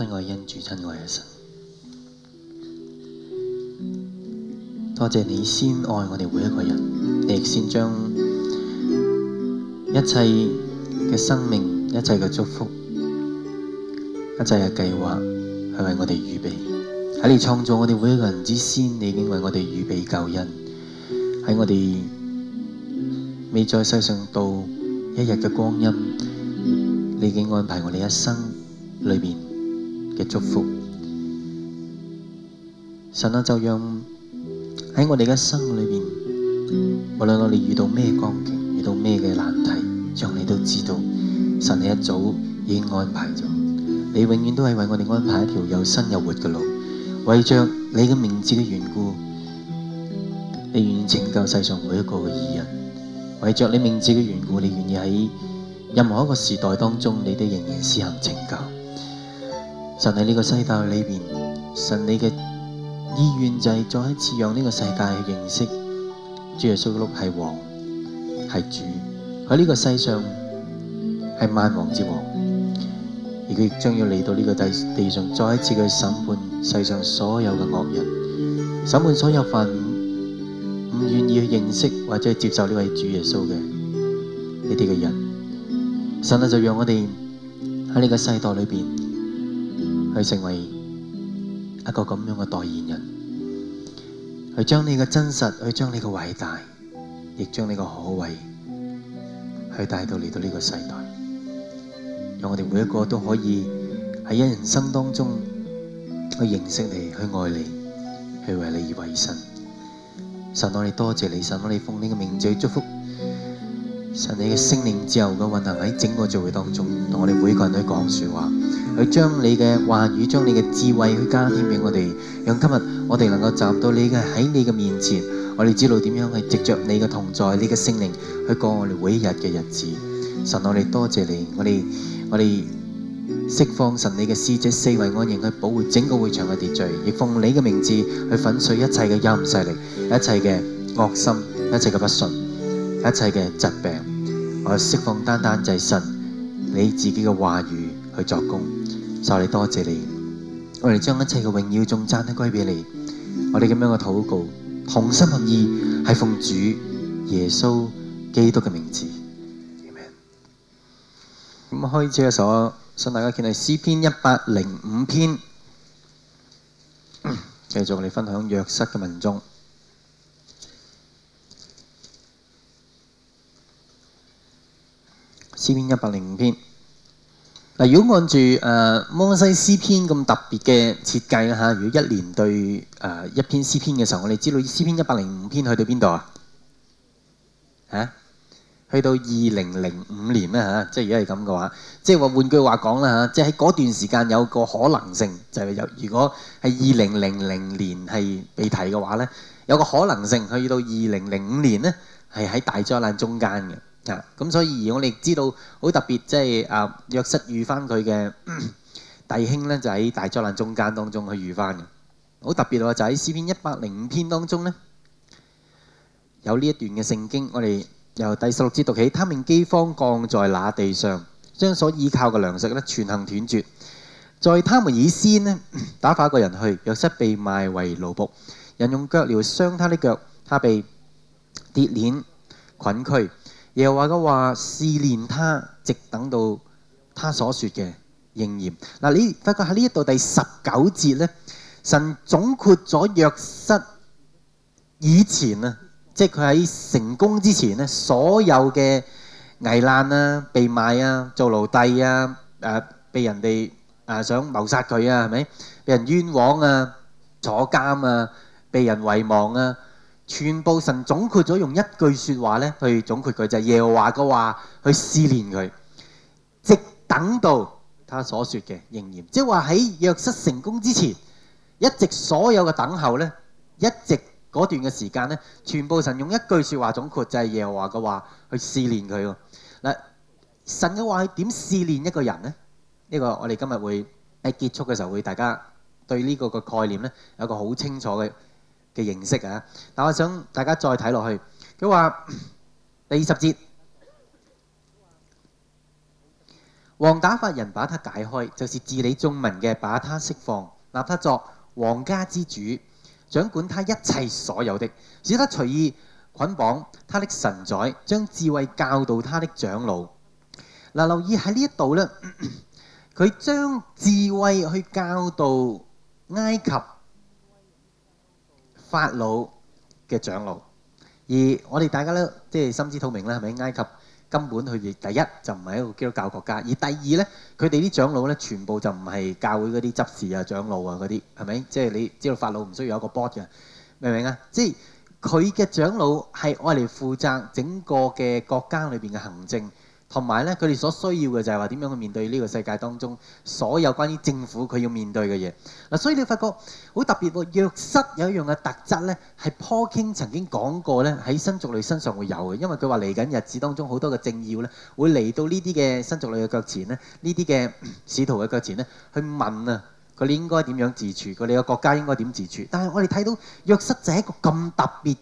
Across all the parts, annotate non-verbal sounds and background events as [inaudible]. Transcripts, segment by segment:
親愛嘅恩主，親愛嘅神，多謝你先愛我哋每一個人，你亦先將一切嘅生命、一切嘅祝福、一切嘅計劃，去為我哋預備。喺你創造我哋每一個人之先，你已經為我哋預備救恩。喺我哋未在世上度一日嘅光陰，你已經安排我哋一生裏邊。祝福，神啊，就讓喺我哋嘅心裏邊，無論我哋遇到咩光景，遇到咩嘅難題，讓你都知道，神你一早已經安排咗，你永遠都係為我哋安排一條又新又活嘅路。為着你嘅名字嘅緣故，你願意拯救世上每一個異人。為着你名字嘅緣故，你願意喺任何一個時代當中，你都仍然施行拯救。神喺呢個世代裏邊，神你嘅意願就係再一次讓呢個世界去認識主耶穌基督係王，係主喺呢個世上係萬王之王，而佢亦將要嚟到呢個地地上再一次去審判世上所有嘅惡人，審判所有犯唔願意去認識或者接受呢位主耶穌嘅呢啲嘅人，神啊就讓我哋喺呢個世代裏邊，去成為一個咁樣嘅代言人，去將你嘅真實，去將你嘅偉大，亦將你嘅可畏，去帶到嚟到呢個世代，讓我哋每一個都可以喺一人生當中去認識你，去愛你，去為你而為神。神我哋多謝你，神我哋奉你嘅名字去祝福。神你嘅聖靈之後嘅運行喺整個聚會當中，同我哋每個人都講說話，去將你嘅話語、將你嘅智慧去加添俾我哋，讓今日我哋能夠站到你嘅、喺你嘅面前，我哋知道點樣去藉着你嘅同在、你嘅聖靈去過我哋每一日嘅日子。神我哋多謝你，我哋我哋釋放神你嘅使者四圍安營去保護整個會場嘅秩序，亦奉你嘅名字去粉碎一切嘅陰勢力、一切嘅惡心、一切嘅不順、一切嘅疾病。我釋放單單就係神你自己嘅話語去作工，所以多謝你，我哋將一切嘅榮耀頌讚都歸畀你，我哋咁樣嘅禱告，同心合意係奉主耶穌基督嘅名字。咁開始嘅時候，我想大家見到詩篇一百零五篇，繼續我哋分享約瑟嘅文章。詩篇一百零五篇嗱，如果按住誒摩西詩篇咁特別嘅設計啊嚇，如果一年對誒一篇詩篇嘅時候，我哋知道詩篇一百零五篇去到邊度啊？嚇，去到二零零五年咧嚇，即係如果係咁嘅話，即係話換句話講啦嚇，即係喺嗰段時間有個可能性，就係有如果係二零零零年係被提嘅話咧，有個可能性去到二零零五年咧，係喺大災難中間嘅。咁所以而我哋知道好特別，即係啊約瑟遇翻佢嘅弟兄咧，就喺大災難中間當中去遇翻嘅，好特別喎！就喺詩篇一百零五篇當中咧，有呢一段嘅聖經，我哋由第十六節讀起。他命饑荒降在那地上，將所倚靠嘅糧食咧全行斷絕。在他們以先咧打發一個人去，約瑟被賣為奴僕，人用腳鐐傷他的腳，他被跌鏈捆拘。又話佢話試煉他，直等到他所說嘅應驗。嗱，你發覺喺呢一度第十九節咧，神總括咗約瑟以前啊，即係佢喺成功之前咧，所有嘅危難啊、被賣啊、做奴隸啊、誒被人哋誒想謀殺佢啊，係咪？被人冤枉啊、坐監啊、被人遺忘啊。全部神總括咗用一句説話咧，去總括佢就係，是，耶和華嘅話去試煉佢，直等到他所說嘅應驗。即係話喺約瑟成功之前，一直所有嘅等候咧，一直嗰段嘅時間咧，全部神用一句説話總括，就係，是，耶和華嘅話去試煉佢。嗱，神嘅話係點試煉一個人呢？呢，這個我哋今日會喺結束嘅時候會大家對呢個嘅概念咧有個好清楚嘅。嘅形式啊！但我想大家再睇落去，佢話第二十節， [laughs] 王打發人把他解開，就是治理眾民嘅，把他釋放，立他作皇家之主，掌管他一切所有的，使他隨意捆綁他的臣宰，將智慧教導他的長老。嗱，留意喺呢一度呢，佢將智慧去教導埃及。法老嘅長老，而我哋大家咧即係心知肚明啦，係咪？埃及根本佢哋第一就唔係一個基督教國家，而第二咧，佢哋啲長老咧全部就唔係教會嗰啲執事啊、長老啊嗰啲，係咪？即係你知道法老唔需要有個 board 嘅，明唔明啊？即係佢嘅長老係愛嚟負責整個嘅國家裏邊嘅行政。同埋咧，佢哋所需要嘅就係話點樣去面對呢個世界當中所有關於政府佢要面對嘅嘢嗱，所以你發覺好特別喎，約瑟有一樣嘅特質咧，係 Paul King 曾經講過咧，喺新族類身上會有嘅，因為佢話嚟緊日子當中好多嘅政要咧，會嚟到呢啲嘅新族類嘅腳前咧，呢啲嘅使徒嘅腳前咧，去問啊佢哋應該點樣自處，佢哋嘅國家應該點自處，但係我哋睇到約瑟就係一個咁特別。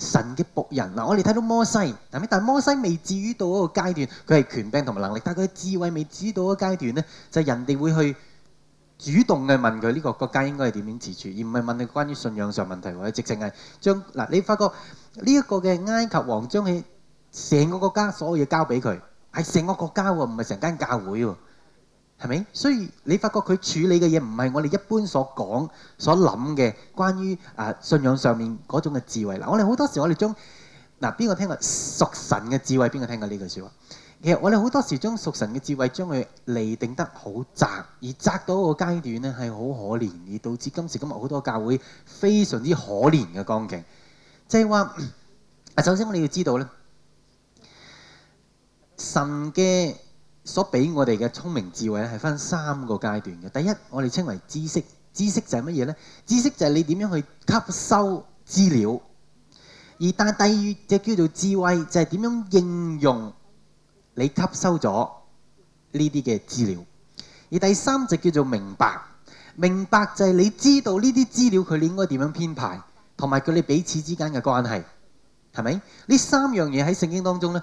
神嘅僕人嗱，我哋睇到摩西嗱，但摩西未至於到嗰個階段，佢係權柄同埋能力，但佢智慧未至於到嗰階段咧，就人哋會去主動嘅問佢呢個國家應該係點樣自處，而唔係問佢關於信仰上問題，或者直情係將嗱，你發覺呢一個嘅埃及王將佢成個國家所有嘢交俾佢，係成個國家喎，唔係成間教會喎。係咪？所以你發覺佢處理嘅嘢唔係我哋一般所講、所諗嘅關於啊信仰上面嗰種嘅智慧。嗱，我哋好多時我哋將嗱邊個聽過屬神嘅智慧？邊個聽過呢句説話？其實我哋好多時將屬神嘅智慧將佢釐定得好窄，而窄到個階段呢係好可憐，而導致今時今日好多教會非常之可憐嘅光景。即係話啊，首先我哋要知道咧，神嘅。所俾我哋嘅聰明智慧咧，係分三個階段嘅。第一，我哋稱為知識，知識就係乜嘢呢？知識就係你點樣去吸收資料，而但第二就叫做智慧，就係點樣應用你吸收咗呢啲嘅資料。而第三就叫做明白，明白就係你知道呢啲資料佢哋應該點樣編排，同埋佢哋彼此之間嘅關係，係咪？呢三樣嘢喺聖經當中呢。.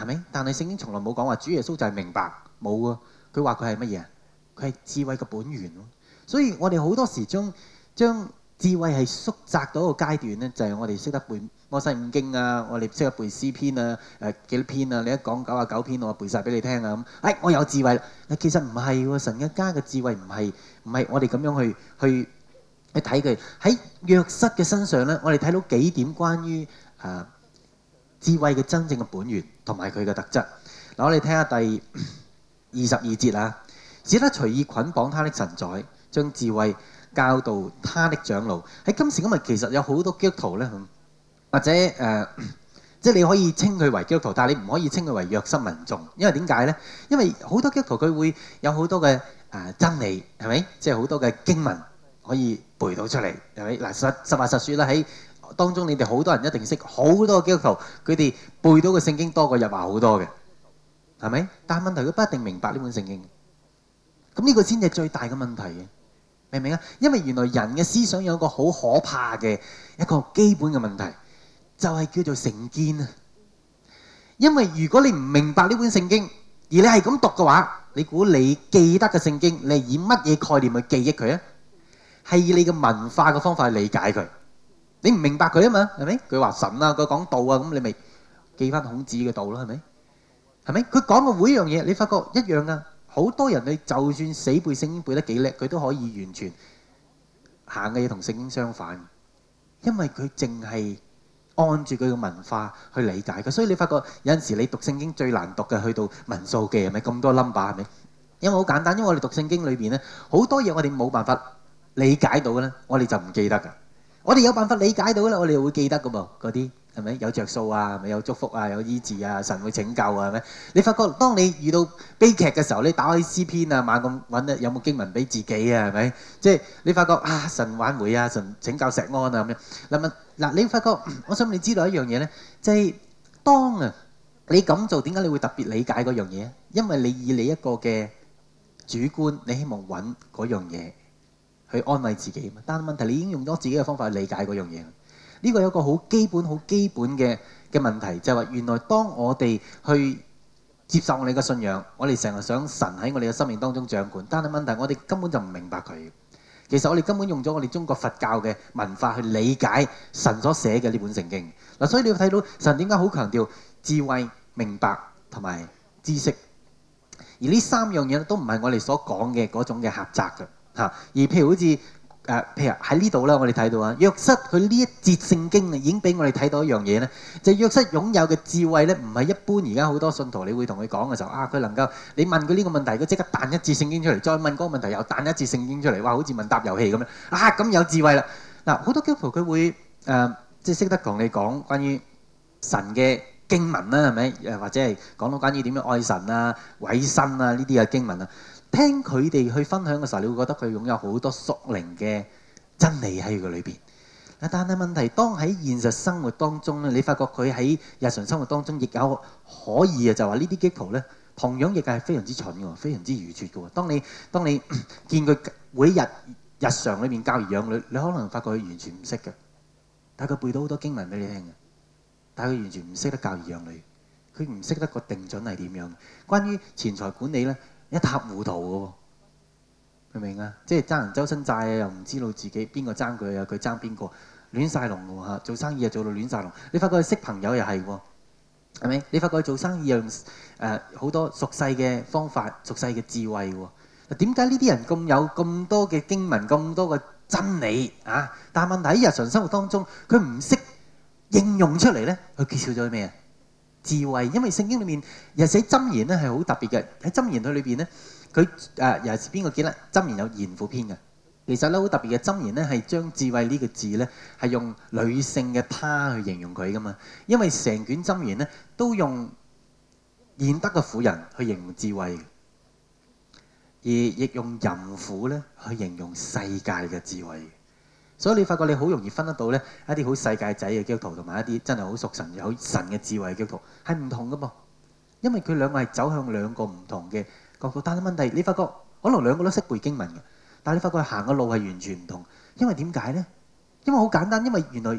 係咪？但係聖經從來冇講話主耶穌就係明白，冇喎。佢話佢係乜嘢啊？佢係智慧嘅本源咯。所以我哋好多時將將智慧係縮窄到一個階段咧，就係我哋識得背《摩西五經》啊，我哋識得背詩篇啊、誒幾多篇啊。你一講九啊九篇，我話背曬俾你聽啊咁。誒，我有智慧啦。但其實唔係喎，神一家嘅智慧唔係唔係我哋咁樣去去去睇佢喺約瑟嘅身上咧，我哋睇到幾點關於誒。智慧嘅真正嘅本源同埋佢嘅特質。嗱，我哋聽下第二十二節啊，只得隨意捆綁他的神在，將智慧教導他的長老。喺今時今日，其實有好多基督徒咧，或者誒，即係你可以稱佢為基督徒，但係你唔可以稱佢為約瑟民眾，因為點解咧？因為好多基督徒佢會有好多嘅誒真理，係咪？即係好多嘅經文可以背到出嚟，係咪？嗱，實實話實説啦，喺當中你哋好多人一定識好多基督徒，佢哋背到嘅聖經多過日華好多嘅，係咪？但係問題佢不一定明白呢本聖經。咁呢個先係最大嘅問題嘅，明唔明啊？因為原來人嘅思想有個好可怕嘅一個基本嘅問題，就係叫做成見啊！因為如果你唔明白呢本聖經，而你係咁讀嘅話，你估你記得嘅聖經，你係以乜嘢概念去記憶佢啊？係以你嘅文化嘅方法去理解佢。你唔明白佢啊嘛，係咪？佢話神啊，佢講道啊，咁你咪記翻孔子嘅道咯，係咪？係咪？佢講嘅每一樣嘢，你發覺一樣噶。好多人你就算死背聖經背得幾叻，佢都可以完全行嘅嘢同聖經相反，因為佢淨係按住佢嘅文化去理解嘅，所以你發覺有陣時你讀聖經最難讀嘅，去到文數記係咪？咁多 number 係咪？因為好簡單，因為我哋讀聖經裏邊咧，好多嘢我哋冇辦法理解到咧，我哋就唔記得㗎。我哋有辦法理解到啦，我哋會記得噶嘛，嗰啲係咪有著數啊？係咪有祝福啊？有醫治啊？神會拯救啊？係咪？你發覺當你遇到悲劇嘅時候咧，你打開詩篇啊，猛咁揾咧，有冇經文俾自己啊？係咪？即係你發覺啊，神挽回啊，神拯救石安啊咁樣。嗱，嗱你發覺，我想你知道一樣嘢咧，就係當啊你咁做，點解你會特別理解嗰樣嘢？因為你以你一個嘅主觀，你希望揾嗰樣嘢。去安慰自己嘛？但係問題，你已經用咗自己嘅方法去理解嗰樣嘢啦。呢個有一個好基本、好基本嘅嘅問題，就係話原來當我哋去接受我哋嘅信仰，我哋成日想神喺我哋嘅生命當中掌管。但係問題，我哋根本就唔明白佢。其實我哋根本用咗我哋中國佛教嘅文化去理解神所寫嘅呢本聖經。嗱，所以你睇到神點解好強調智慧、明白同埋知識，而呢三樣嘢咧都唔係我哋所講嘅嗰種嘅狹窄嘅。而譬如好似誒譬如喺呢度啦，我哋睇到啊，約瑟佢呢一節聖經啊，已經俾我哋睇到一樣嘢咧，就係、約瑟擁有嘅智慧咧，唔係一般而家好多信徒你會同佢講嘅時候啊，佢能夠你問佢呢個問題，佢即刻彈一節聖經出嚟，再問嗰個問題又彈一節聖經出嚟，哇！好似問答遊戲咁樣啊，咁有智慧啦！嗱，好多基督徒佢會誒即係識得同你講關於神嘅經文啦，係咪？誒或者係講到關於點樣愛神啊、委身啊呢啲嘅經文啊。聽佢哋去分享嘅時候，你會覺得佢擁有好多屬靈嘅真理喺佢裏邊。但係問題當喺現實生活當中咧，你發覺佢喺日常生活當中亦有可以嘅，就話呢啲基督徒咧，同樣亦係非常之蠢嘅，非常之愚拙嘅。當你當你、嗯、見佢每日日常裏面教兒養女，你可能發覺佢完全唔識嘅。但係佢背到好多經文俾你聽嘅，但係佢完全唔識得教兒養女，佢唔識得個定準係點樣。關於錢財管理呢。一塌糊塗喎，明唔明啊？即係爭人周身債啊，又唔知道自己邊個爭佢啊，佢爭邊個，亂曬龍喎，做生意啊，做到亂晒龍。你發覺佢識朋友又係喎，係咪？你發覺佢做生意用好多熟悉嘅方法、熟悉嘅智慧喎。嗱，點解呢啲人咁有咁多嘅經文、咁多嘅真理啊？但係問題喺日常生活當中，佢唔識應用出嚟呢？佢缺少咗咩啊？智慧，因為聖經裏面又寫箴言咧，係好特別嘅。喺箴言裏邊咧，佢誒又係邊個記得？箴言有賢婦篇嘅，其實咧好特別嘅箴言咧，係將智慧呢個字咧，係用女性嘅她去形容佢噶嘛。因為成卷箴言咧，都用賢德嘅婦人去形容智慧，而亦用淫婦咧去形容世界嘅智慧。所以你發覺你好容易分得到呢，一啲好世界仔嘅基督徒，同埋一啲真係好屬神、有神嘅智慧嘅基督徒，係唔同噶噃。因為佢兩個係走向兩個唔同嘅角度。但係問題，你發覺可能兩個都識背經文嘅，但係你發覺行嘅路係完全唔同。因為點解呢？因為好簡單，因為原來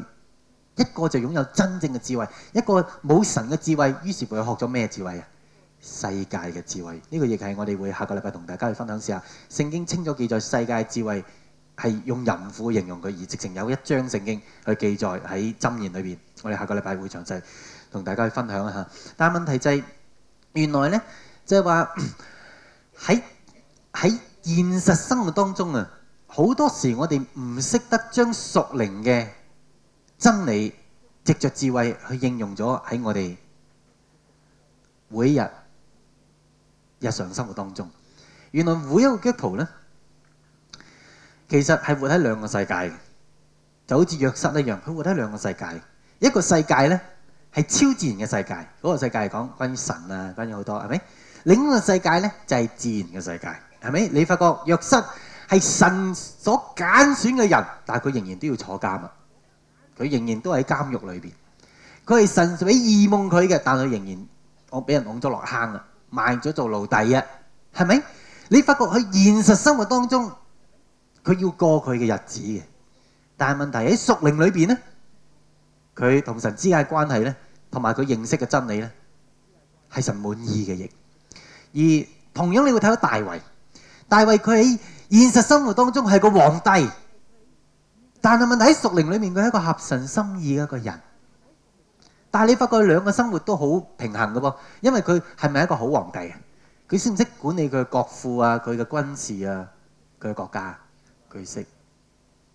一個就擁有真正嘅智，智，智慧，一個冇神嘅智慧。於是佢學咗咩智慧啊？世界嘅智慧。呢個亦係我哋會下個禮拜同大家去分享試下。聖經清楚記載世界智慧。係用淫婦形容佢，而直情有一章聖經去記載喺箴言裏邊。我哋下個禮拜會詳細同大家去分享一下。但係問題就係，原來咧就係話喺喺現實生活當中啊，好多時我哋唔識得將屬靈嘅真理藉著智慧去應用咗喺我哋每日日常生活當中。原來每一個基督徒咧。其實係活喺兩個世界嘅，就好似約瑟一樣，佢活喺兩個世界。一個世界咧係超自然嘅世界，嗰個世界係講關於神啊，關於好多係咪？另一個世界咧就係自然嘅世界，係咪？你發覺約瑟係神所揀選嘅人，但係佢仍然都要坐監啊，佢仍然都喺監獄裏邊。佢係神俾異夢佢嘅，但係佢仍然我俾人擋咗落坑啦，賣咗做奴隸啊，係咪？你發覺佢現實生活當中。佢要過佢嘅日子嘅，但係問題喺屬靈裏邊咧，佢同神之間嘅關係咧，同埋佢認識嘅真理咧，係神滿意嘅嘢。而同樣你會睇到大衛，大衛佢喺現實生活當中係個皇帝，但係問題喺屬靈裏面，佢係一個合神心意嘅一個人。但係你發覺兩個生活都好平衡嘅噃，因為佢係咪一個好皇帝？佢識唔識管理佢嘅國庫啊？佢嘅軍事啊？佢嘅國家？佢識，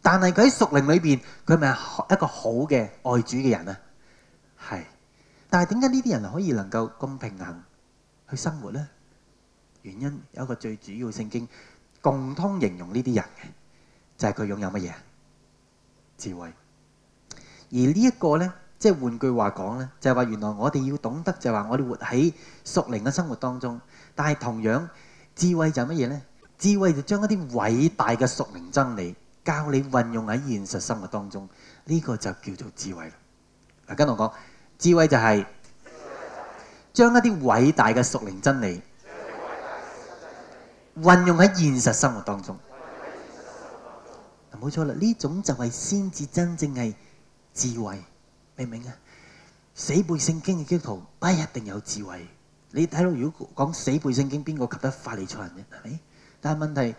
但係佢喺屬靈裏邊，佢咪一個好嘅愛主嘅人啊？係，但係點解呢啲人可以能夠咁平衡去生活呢？原因有一個最主要聖經共通形容呢啲人嘅，就係佢擁有乜嘢？智慧。而呢一個呢，即係換句話講呢，就係話原來我哋要懂得就係話我哋活喺屬靈嘅生活當中，但係同樣智慧就係乜嘢呢？智慧就將一啲偉大嘅屬靈真理教你運用喺現實生活當中，呢個就叫做智慧啦。嗱，跟我講，智慧就係將一啲偉大嘅屬靈真理運用喺現實生活當中。嗱，冇錯啦，呢種就係先至真正係智慧，明唔明啊？死背聖經嘅基督徒不一定有智慧。你睇到如果講死背聖經，邊個及得法利賽人啫？係咪？但係問題，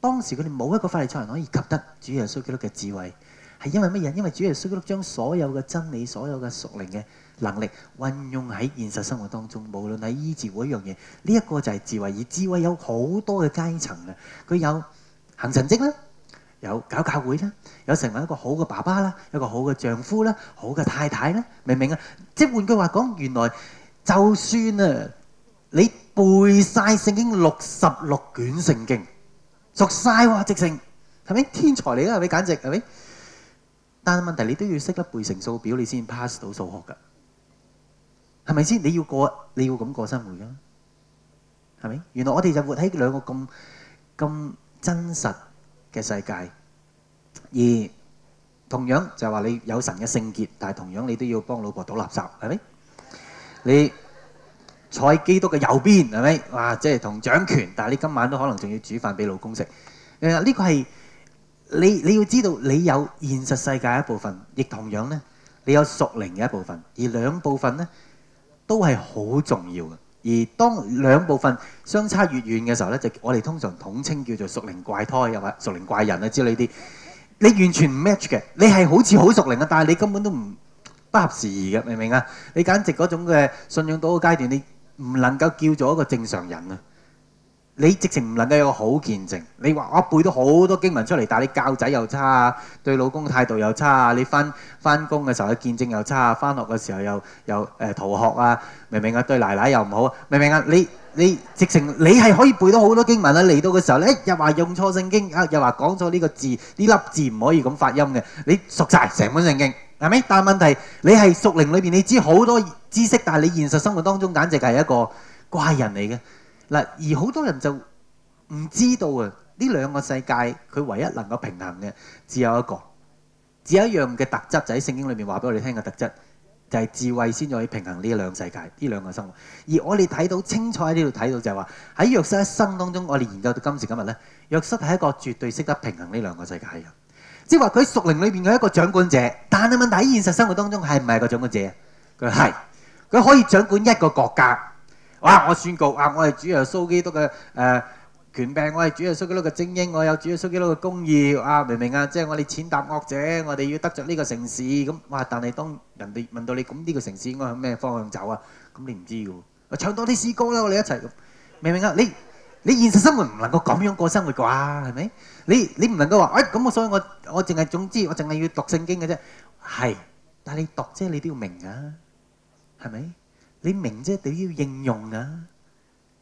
當時佢哋冇一個法利賽人可以及得，主耶穌基督嘅智慧係因為乜嘢？因為主耶穌基督拉將所有嘅真理、所有嘅屬靈嘅能力運用喺現實生活當中，無論喺醫治一樣嘢，呢、這、一個就係智慧。而智慧有好多嘅階層嘅，佢有行神跡啦，有搞教會啦，有成為一個好嘅爸爸啦，有一個好嘅丈夫啦，好嘅太太啦，明唔明啊？即係換句話講，原來就算啊你。背晒聖經六十六卷聖經，熟晒喎直成，係咪天才嚟啊？你簡直係咪？但係問題你都要識得背成數表，你先 pass 到數學㗎，係咪先？你要過，你要咁過生活㗎，係咪？原來我哋就活喺兩個咁咁真實嘅世界，而同樣就係話你有神嘅聖潔，但係同樣你都要幫老婆倒垃圾，係咪？你。坐喺基督嘅右邊，係咪？哇！即係同掌權，但係你今晚都可能仲要煮飯俾老公食。誒、嗯，呢、呢個係你你要知道，你有現實世界一部分，亦同樣呢，你有屬靈嘅一部分，而兩部分呢，都係好重要嘅。而當兩部分相差越遠嘅時候呢，就我哋通常統稱叫做屬靈怪胎又或屬靈怪人啊之類啲。你完全唔 match 嘅，你係好似好屬靈呀，但係你根本都唔不合時宜嘅，明唔明啊？你簡直嗰種嘅信仰到嘅階段，你～唔能夠叫做一個正常人啊！你直情唔能夠有個好見證。你話我背到好多經文出嚟，但係你教仔又差，對老公態度又差啊！你翻翻工嘅時候啊，見證又差啊！翻學嘅時候又又誒逃學啊！明唔明啊？對奶奶又唔好啊！明唔明啊？你你直情你係可以背到好多經文啊！嚟到嘅時候咧，又話用錯聖經啊，又話講錯呢個字，呢粒字唔可以咁發音嘅。你熟晒成本聖經。係咪？但係問題，你係屬靈裏邊，你知好多知識，但係你現實生活當中，簡直就係一個怪人嚟嘅。嗱，而好多人就唔知道啊！呢兩個世界，佢唯一能夠平衡嘅，只有一個，只有一樣嘅特質，就喺聖經裏面話俾我哋聽嘅特質，就係智慧先可以平衡呢兩世界，呢兩個生活。而我哋睇到清楚喺呢度睇到就係話，喺約瑟一生當中，我哋研究到今時今日咧，約瑟係一個絕對識得平衡呢兩個世界嘅即係話佢喺屬靈裏邊嘅一個掌管者，但係問題喺現實生活當中係唔係個掌管者？佢係佢可以掌管一個國家。哇！我宣告啊，我係主耶穌基督嘅誒權柄，我係主耶穌基督嘅精英，我有主耶穌基督嘅公義。啊，明唔明啊？即係我哋踐踏惡者，我哋要得著呢個城市。咁哇！但係當人哋問到你，咁呢個城市應該向咩方向走啊？咁你唔知嘅喎。啊，唱多啲詩歌啦，我哋一齊，明唔明啊？你你現實生活唔能夠咁樣過生活啩？係咪？你你唔能夠話，哎咁我所以我我淨係總之我淨係要讀聖經嘅啫，係。但係你讀啫，你都要明㗎，係咪？你明啫，你都要應用㗎。呢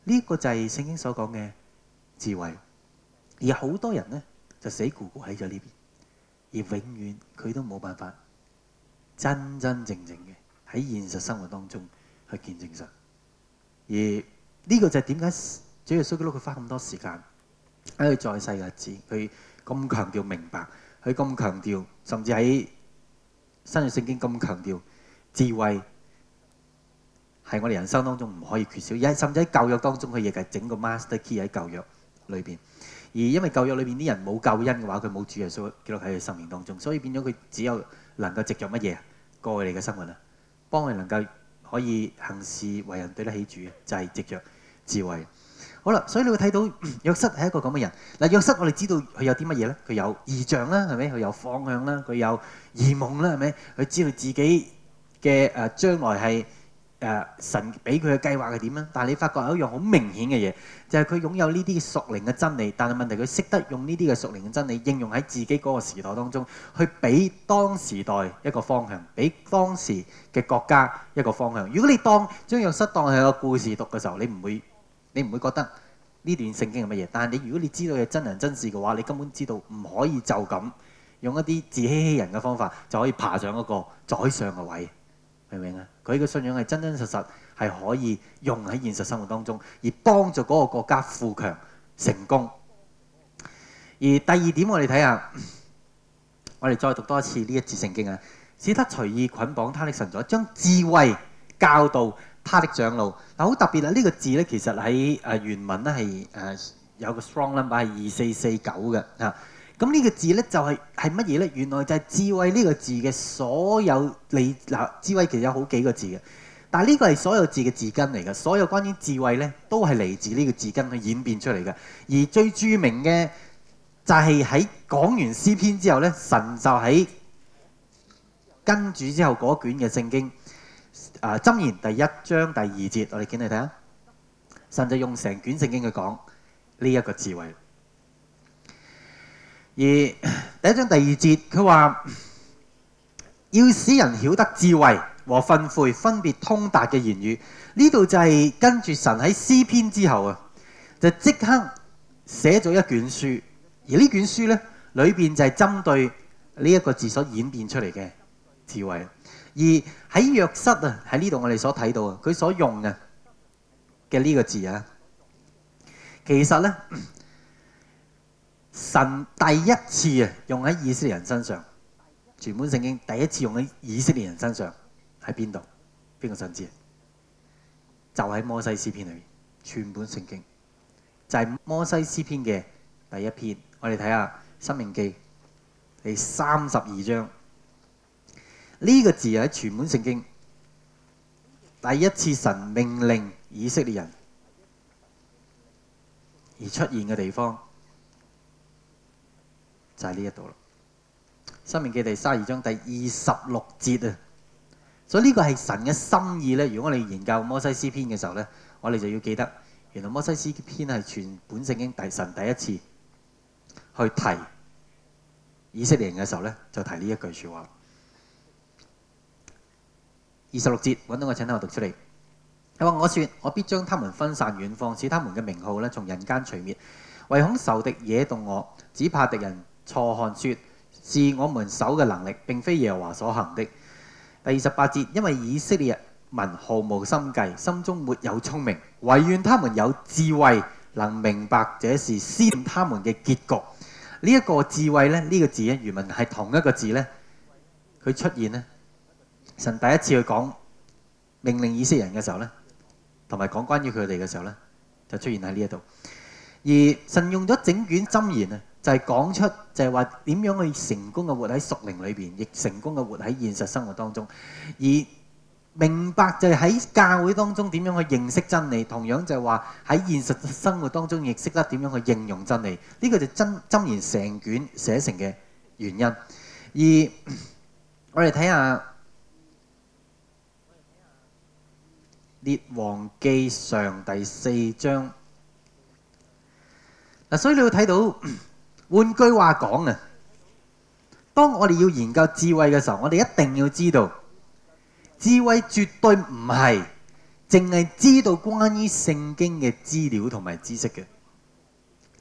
一個就係聖經所講嘅智慧。而好多人咧就死咕咕喺咗呢邊，而永遠佢都冇辦法真真正正嘅喺現實生活當中去見證神。而呢個就係點解主耶穌基督佢花咁多時間，喺佢在世嘅日子，佢咁強調明白，佢咁強調，甚至喺新約聖經咁強調，智慧係我哋人生當中唔可以缺少。甚至喺舊約當中，佢亦係整個 master key 喺舊約裏邊。而因為舊約裏邊啲人冇救恩嘅話，佢冇主耶穌記錄喺佢生命當中，所以變咗佢只有能夠藉著乜嘢過嚟嘅生活啊？幫佢能夠可以行事為人對得起主，就係藉著智慧。好啦，所以你會睇到約瑟係一個咁嘅人。嗱，約瑟我哋知道佢有啲乜嘢咧？佢有異象啦，係咪？佢有方向啦，佢有異夢啦，係咪？佢知道自己嘅誒將來係誒神俾佢嘅計劃係點樣。但係你發覺有一樣好明顯嘅嘢，就係佢擁有呢啲嘅屬靈嘅真理，但係問題佢識得用呢啲嘅屬靈嘅真理應用喺自己嗰個時代當中，去俾當時代一個方向，俾當時嘅國家一個方向。如果你當將約瑟當係個故事讀嘅時候，你唔會。你唔會覺得呢段聖經係乜嘢？但係你如果你知道嘅真人真事嘅話，你根本知道唔可以就咁用一啲自欺欺人嘅方法就可以爬上一個宰相嘅位，明唔明啊？佢嘅信仰係真真實實係可以用喺現實生活當中，而幫助嗰個國家富強成功。而第二點，我哋睇下，我哋再讀多一次呢一節聖經啊！使得隨意捆綁他的臣宰，將智慧教導他的長老，但好特別啦！呢個字咧，其實喺誒原文咧係誒有個 strong number 係二四四九嘅嚇。咁呢個字咧就係係乜嘢咧？原來就係智慧呢個字嘅所有嚟嗱。智慧其實有好幾個字嘅，但係呢個係所有字嘅字根嚟嘅。所有關於智慧咧，都係嚟自呢個字根去演變出嚟嘅。而最著名嘅就係喺講完詩篇之後咧，神就喺跟住之後嗰卷嘅聖經。啊！箴言第一章第二節，我哋見你睇下，神就用成卷聖經去講呢一個智慧。而第一章第二節，佢話要使人曉得智慧和訓誨分別通達嘅言語。呢度就係跟住神喺詩篇之後啊，就即刻寫咗一卷書。而呢卷書咧，裏邊就係針對呢一個字所演變出嚟嘅智慧。而喺藥室啊，喺呢度我哋所睇到啊，佢所用嘅嘅呢個字啊，其實呢，神第一次啊用喺以色列人身上，全本聖經第一次用喺以色列人身上，喺邊度？邊個章節？就喺摩西詩篇裏面，全本聖經就係、是、摩西詩篇嘅第一篇。我哋睇下《申命記》第三十二章。呢、這個字喺全本聖經第一次神命令以色列人而出現嘅地方就係呢一度咯。申命記第卅二章第二十六節啊，所以呢個係神嘅心意呢，如果我哋研究摩西書篇嘅時候呢，我哋就要記得原來摩西書篇係全本聖經第神第一次去提以色列人嘅時候呢，就提呢一句說話。二十六節揾到我請睇我讀出嚟。佢話：我説，我必將他們分散遠方，使他們嘅名號咧從人間除滅。唯恐仇敵惹動我，只怕敵人錯看，說是我們手嘅能力，並非耶和華所行的。第二十八節，因為以色列民毫無心計，心中沒有聰明，惟願他們有智慧，能明白這是思念他們嘅結局。呢、這、一個智慧咧，呢、這個字啊，原文係同一個字呢，佢出現咧。神第一次去講命令以色列人嘅時候呢，同埋講關於佢哋嘅時候呢，就出現喺呢一度。而神用咗整卷箴言啊，就係講出就係話點樣去成功嘅活喺屬靈裏邊，亦成功嘅活喺現實生活當中。而明白就係喺教會當中點樣去認識真理，同樣就係話喺現實生活當中亦識得點樣去應用真理。呢個就係箴言成卷寫成嘅原因。而我哋睇下。列王記上第四章。嗱，所以你會睇到，換句話講啊，當我哋要研究智慧嘅時候，我哋一定要知道，智慧絕對唔係淨係知道關於聖經嘅資料同埋知識嘅，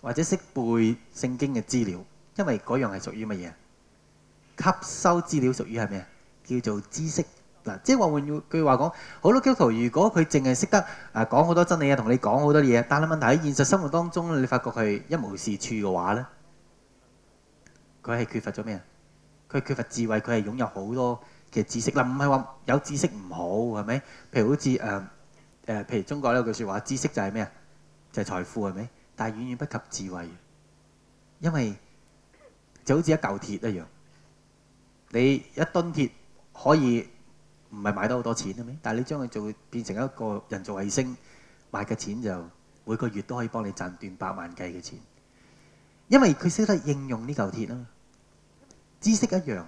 或者識背聖經嘅資料，因為嗰樣係屬於乜嘢？吸收資料屬於係咩啊？叫做知識。即係話換句話講，好多基督徒如果佢淨係識得誒講好多真理啊，同你講好多嘢，但係問題喺現實生活當中你發覺佢一無是處嘅話咧，佢係缺乏咗咩啊？佢缺乏智慧，佢係擁有好多嘅知識。嗱，唔係話有知識唔好係咪？譬如好似誒誒，譬如中國呢句説話，知識就係咩啊？就係財富係咪？但係遠遠不及智慧，因為就好似一嚿鐵一樣，你一噸鐵可以。唔係買多好多錢嘅咩？但係你將佢做變成一個人造衞星賣嘅錢，就每個月都可以幫你賺段百萬計嘅錢。因為佢識得應用呢嚿鐵啦，知識一樣，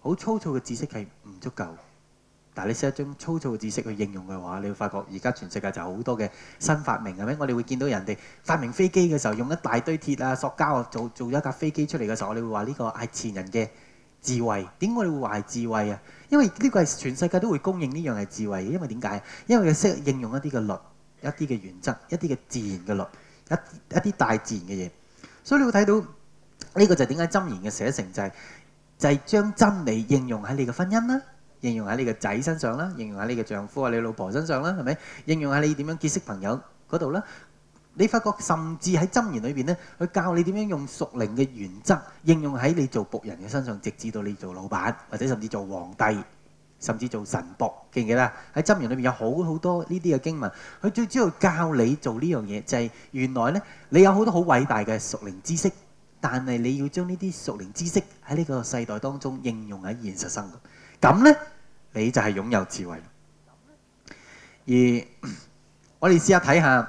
好粗糙嘅知識係唔足夠。但係你識得將粗糙嘅知識去應用嘅話，你會發覺而家全世界就好多嘅新發明，係咪？我哋會見到人哋發明飛機嘅時候，用一大堆鐵啊、塑膠呀做做咗一架飛機出嚟嘅時候，我哋會話呢個係前人嘅智慧。點解你會話係智慧啊？因為呢個係全世界都會供應呢樣係智慧，因為點解？因為佢識應用一啲嘅律、一啲嘅原則、一啲嘅自然嘅律、一一啲大自然嘅嘢，所以你會睇到呢個就係點解箴言嘅寫成就係就係將真理應用喺你嘅婚姻啦，應用喺你嘅仔身上啦，應用喺你嘅丈夫啊、你老婆身上啦，係咪？應用喺你點樣結識朋友嗰度啦。你發覺甚至喺《箴言》裏邊咧，佢教你點樣用屬靈嘅原則應用喺你做僕人嘅身上，直至到你做老闆，或者甚至做皇帝，甚至做神僕，記唔記得？喺《箴言》裏邊有好好多呢啲嘅經文，佢最主要教你做呢樣嘢，就係原來咧，你有好多好偉大嘅屬靈知識，但係你要將呢啲屬靈知識喺呢個世代當中應用喺現實生活，咁咧你就係擁有智慧。而我哋試下睇下。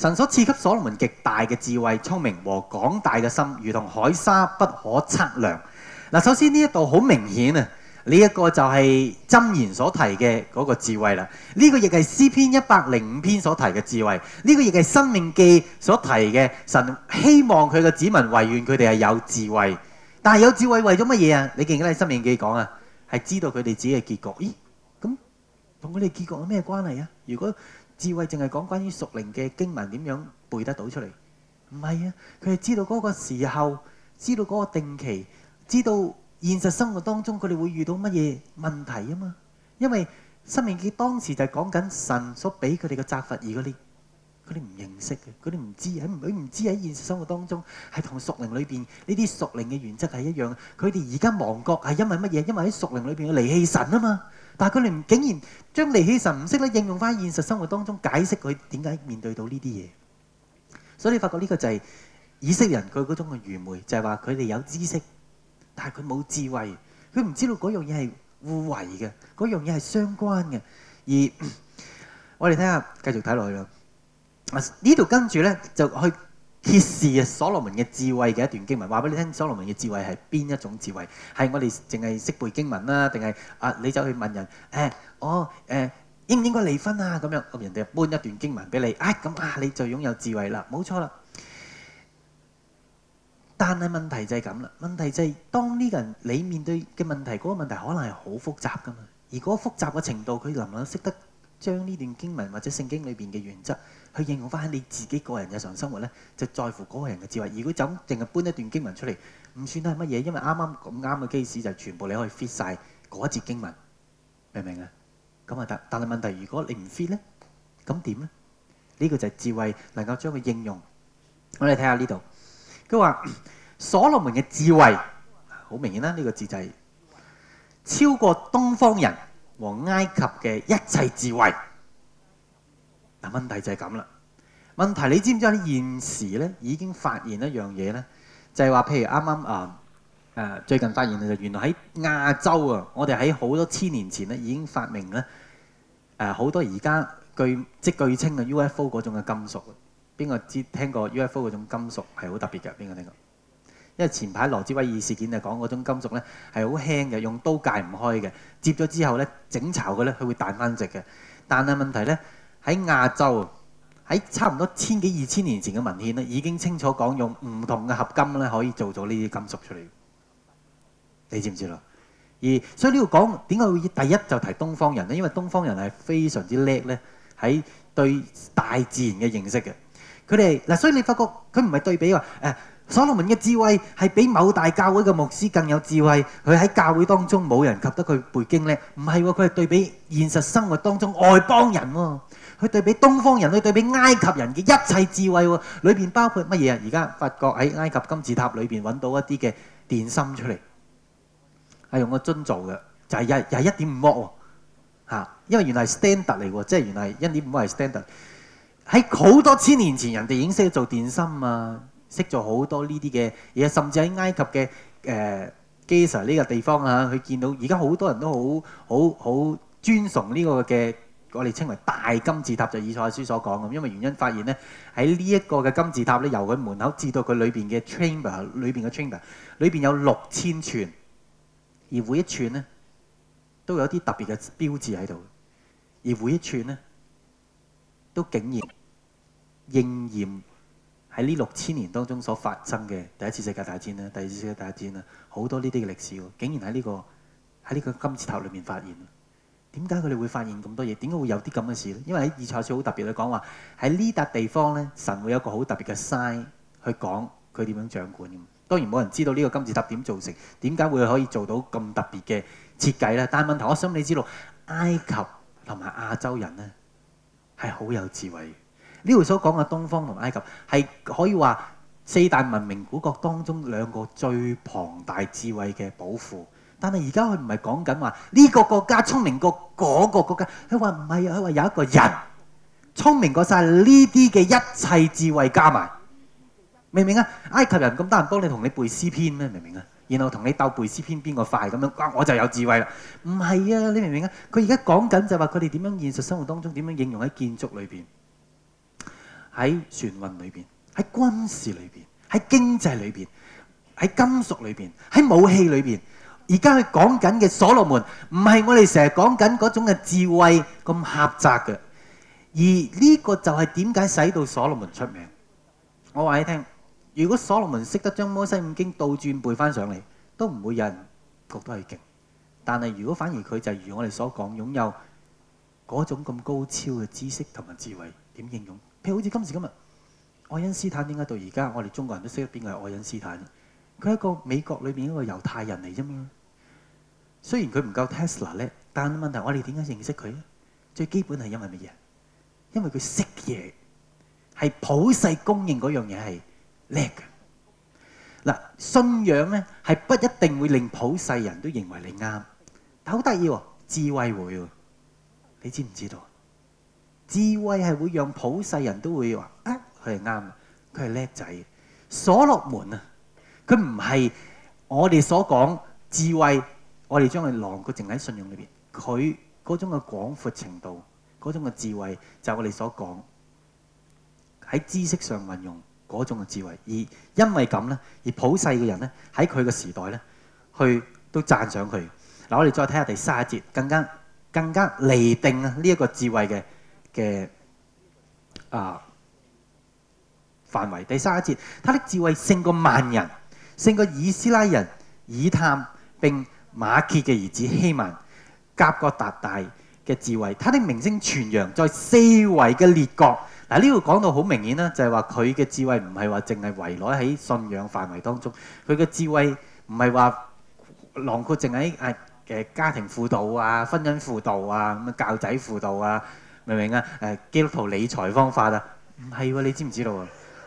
神所賜給所羅門極大嘅智慧、聰明和廣大嘅心，如同海沙不可測量。嗱，首先呢一度好明顯啊，呢一個就係箴言所提嘅嗰個智慧啦。呢個亦係詩篇一百零五篇所提嘅智慧。呢個亦係申命記所提嘅。神希望佢嘅子民唯願佢哋係有智慧。但係有智慧為咗乜嘢啊？你記唔記得喺申命記講啊？係知道佢哋自己嘅結局。咦？咁同佢哋結局有咩關係啊？如果智慧淨係講關於屬靈嘅經文點樣背得到出嚟？唔係啊，佢係知道嗰個時候，知道嗰個定期，知道現實生活當中佢哋會遇到乜嘢問題啊嘛。因為申命記當時就係講緊神所俾佢哋嘅責罰而嗰啲，佢哋唔認識嘅，佢哋唔知，喺唔知喺現實生活當中係同屬靈裏邊呢啲屬靈嘅原則係一樣。佢哋而家亡國係因為乜嘢？因為喺屬靈裏嘅離棄神啊嘛。但係佢哋竟然將離棄神唔識咧應用翻現實生活當中，解釋佢點解面對到呢啲嘢。所以你發覺呢個就係以色列人佢嗰種嘅愚昧，就係話佢哋有知識，但係佢冇智慧，佢唔知道嗰樣嘢係互為嘅，嗰樣嘢係相關嘅。而我哋睇下繼續睇落去啦。呢度跟住咧就去。揭示啊所羅門嘅智慧嘅一段經文，話俾你聽，所羅門嘅智慧係邊一種智慧？係我哋淨係識背經文啦，定係啊？你走去問人誒，我誒應唔應該離婚啊？咁樣咁人哋搬一段經文俾你啊，咁啊你就擁有智慧啦，冇錯啦。但係問題就係咁啦，問題就係當呢個人你面對嘅問題，嗰個問題可能係好複雜噶嘛。而嗰個複雜嘅程度，佢能唔能夠識得將呢段經文或者聖經裏邊嘅原則，去應用翻你自己個人日常生活咧，就在乎嗰個人嘅智慧。如果就淨係搬一段經文出嚟，唔算得係乜嘢，因為啱啱咁啱嘅 case 就係全部你可以 fit 曬嗰一節經文，明唔明啊？咁啊得，但係問題，如果你唔 fit 咧，咁點咧？呢個就係智慧能夠將佢應用。我哋睇下呢度，佢話所羅門嘅智慧，好明顯啦，呢個字就係超過東方人和埃及嘅一切智慧。嗱，問題就係咁啦。問題你知唔知喺現時咧已經發現一樣嘢咧，就係話，譬如啱啱啊誒、啊、最近發現咧，就原來喺亞洲啊，我哋喺好多千年前咧已經發明咧誒好多而家據即係據稱嘅 UFO 嗰種嘅金屬，邊個知聽過 UFO 嗰種金屬係好特別嘅？邊個聽過？因為前排羅茲威爾事件就講嗰種金屬咧係好輕嘅，用刀解唔開嘅，接咗之後咧整巢嘅咧佢會彈翻直嘅。但係問題咧。喺亞洲，喺差唔多千幾二千年前嘅文獻咧，已經清楚講用唔同嘅合金咧，可以做咗呢啲金屬出嚟。你知唔知咯？而所以呢度講點解會第一就提東方人咧？因為東方人係非常之叻咧，喺對大自然嘅認識嘅。佢哋嗱，所以你發覺佢唔係對比話誒，所羅門嘅智慧係比某大教會嘅牧師更有智慧，佢喺教會當中冇人及得佢背經叻。唔係喎，佢係對比現實生活當中外邦人喎。佢對比東方人，去對比埃及人嘅一切智慧喎，裏邊包括乜嘢啊？而家發覺喺埃及金字塔裏邊揾到一啲嘅電芯出嚟，係用個樽做嘅，就係又又一點五噚喎，因為原來係 standard 嚟喎，即係原來一點五係 standard。喺好多千年前，人哋已經識做電芯啊，識做好多呢啲嘅嘢，甚至喺埃及嘅誒 Giza 呢個地方啊，佢見到而家好多人都好好好尊崇呢個嘅。我哋稱為大金字塔，就以賽書所講咁，因為原因發現咧，喺呢一個嘅金字塔咧，由佢門口至到佢裏邊嘅 chamber，裏邊嘅 chamber，裏邊有六千寸，而每一寸咧都有啲特別嘅標誌喺度，而每一寸咧都竟然應驗喺呢六千年當中所發生嘅第一次世界大戰啊，第二次世界大戰啊，好多呢啲嘅歷史喎，竟然喺呢個喺呢個金字塔裏面發現。點解佢哋會發現咁多嘢？點解會有啲咁嘅事咧？因為喺二賽處好特別，佢講話喺呢笪地方咧，神會有個好特別嘅 sign 去講佢點樣掌管。當然冇人知道呢個金字塔點造成，點解會可以做到咁特別嘅設計咧。但係問題，我想你知道埃及同埋亞洲人呢，係好有智慧。呢度所講嘅東方同埃及係可以話四大文明古國當中兩個最龐大智慧嘅寶庫。但係而家佢唔係講緊話呢個國家聰明過嗰個國家，佢話唔係啊，佢話有一個人聰明過晒呢啲嘅一切智慧加埋，明唔明啊？埃及人咁多人幫你同你背詩篇咩？明唔明啊？然後同你鬥背詩篇邊個快咁樣？嗱我就有智慧啦！唔係啊，你明唔明啊？佢而家講緊就係話佢哋點樣現實生活當中點樣應用喺建築裏邊、喺船運裏邊、喺軍事裏邊、喺經濟裏邊、喺金屬裏邊、喺武器裏邊。而家佢講緊嘅所羅門，唔係我哋成日講緊嗰種嘅智慧咁狹窄嘅，而呢個就係點解使到所羅門出名。我話你聽，如果所羅門識得將《摩西五經》倒轉背翻上嚟，都唔會有人覺得係勁。但係如果反而佢就如我哋所講擁有嗰種咁高超嘅知識同埋智慧，點應用？譬如好似今時今日，愛因斯坦點解到而家我哋中國人都識得邊個係愛因斯坦咧？佢係一個美國裏面一個猶太人嚟啫嘛。雖然佢唔夠 Tesla 咧，但問題我哋點解認識佢咧？最基本係因為乜嘢？因為佢識嘢，係普世公認嗰樣嘢係叻嘅嗱。信仰咧係不一定會令普世人都認為你啱，但好得意喎，智慧會喎，你知唔知道？智慧係會讓普世人都會話啊，佢係啱，佢係叻仔。所羅門啊，佢唔係我哋所講智慧。我哋將佢狼佢淨喺信用裏邊，佢嗰種嘅廣闊程度，嗰種嘅智慧，就係我哋所講，喺知識上運用嗰種嘅智慧。而因為咁咧，而普世嘅人咧，喺佢嘅時代咧，去都讚賞佢。嗱，我哋再睇下第三一節，更加更加厘定啊呢一個智慧嘅嘅啊範圍。第三一節，他的智慧勝過萬人，勝過以斯拉人以探並馬杰嘅兒子希幔，甲各達大嘅智慧，他的名聲傳揚在四圍嘅列國。嗱，呢個講到好明顯啦，就係話佢嘅智慧唔係話淨係圍內喺信仰範圍當中，佢嘅智慧唔係話囊括淨係誒誒、家庭輔導啊、婚姻輔導啊、咁啊教仔輔導啊，明唔明啊？誒，基督徒理財方法啊，唔係喎，你知唔知道啊？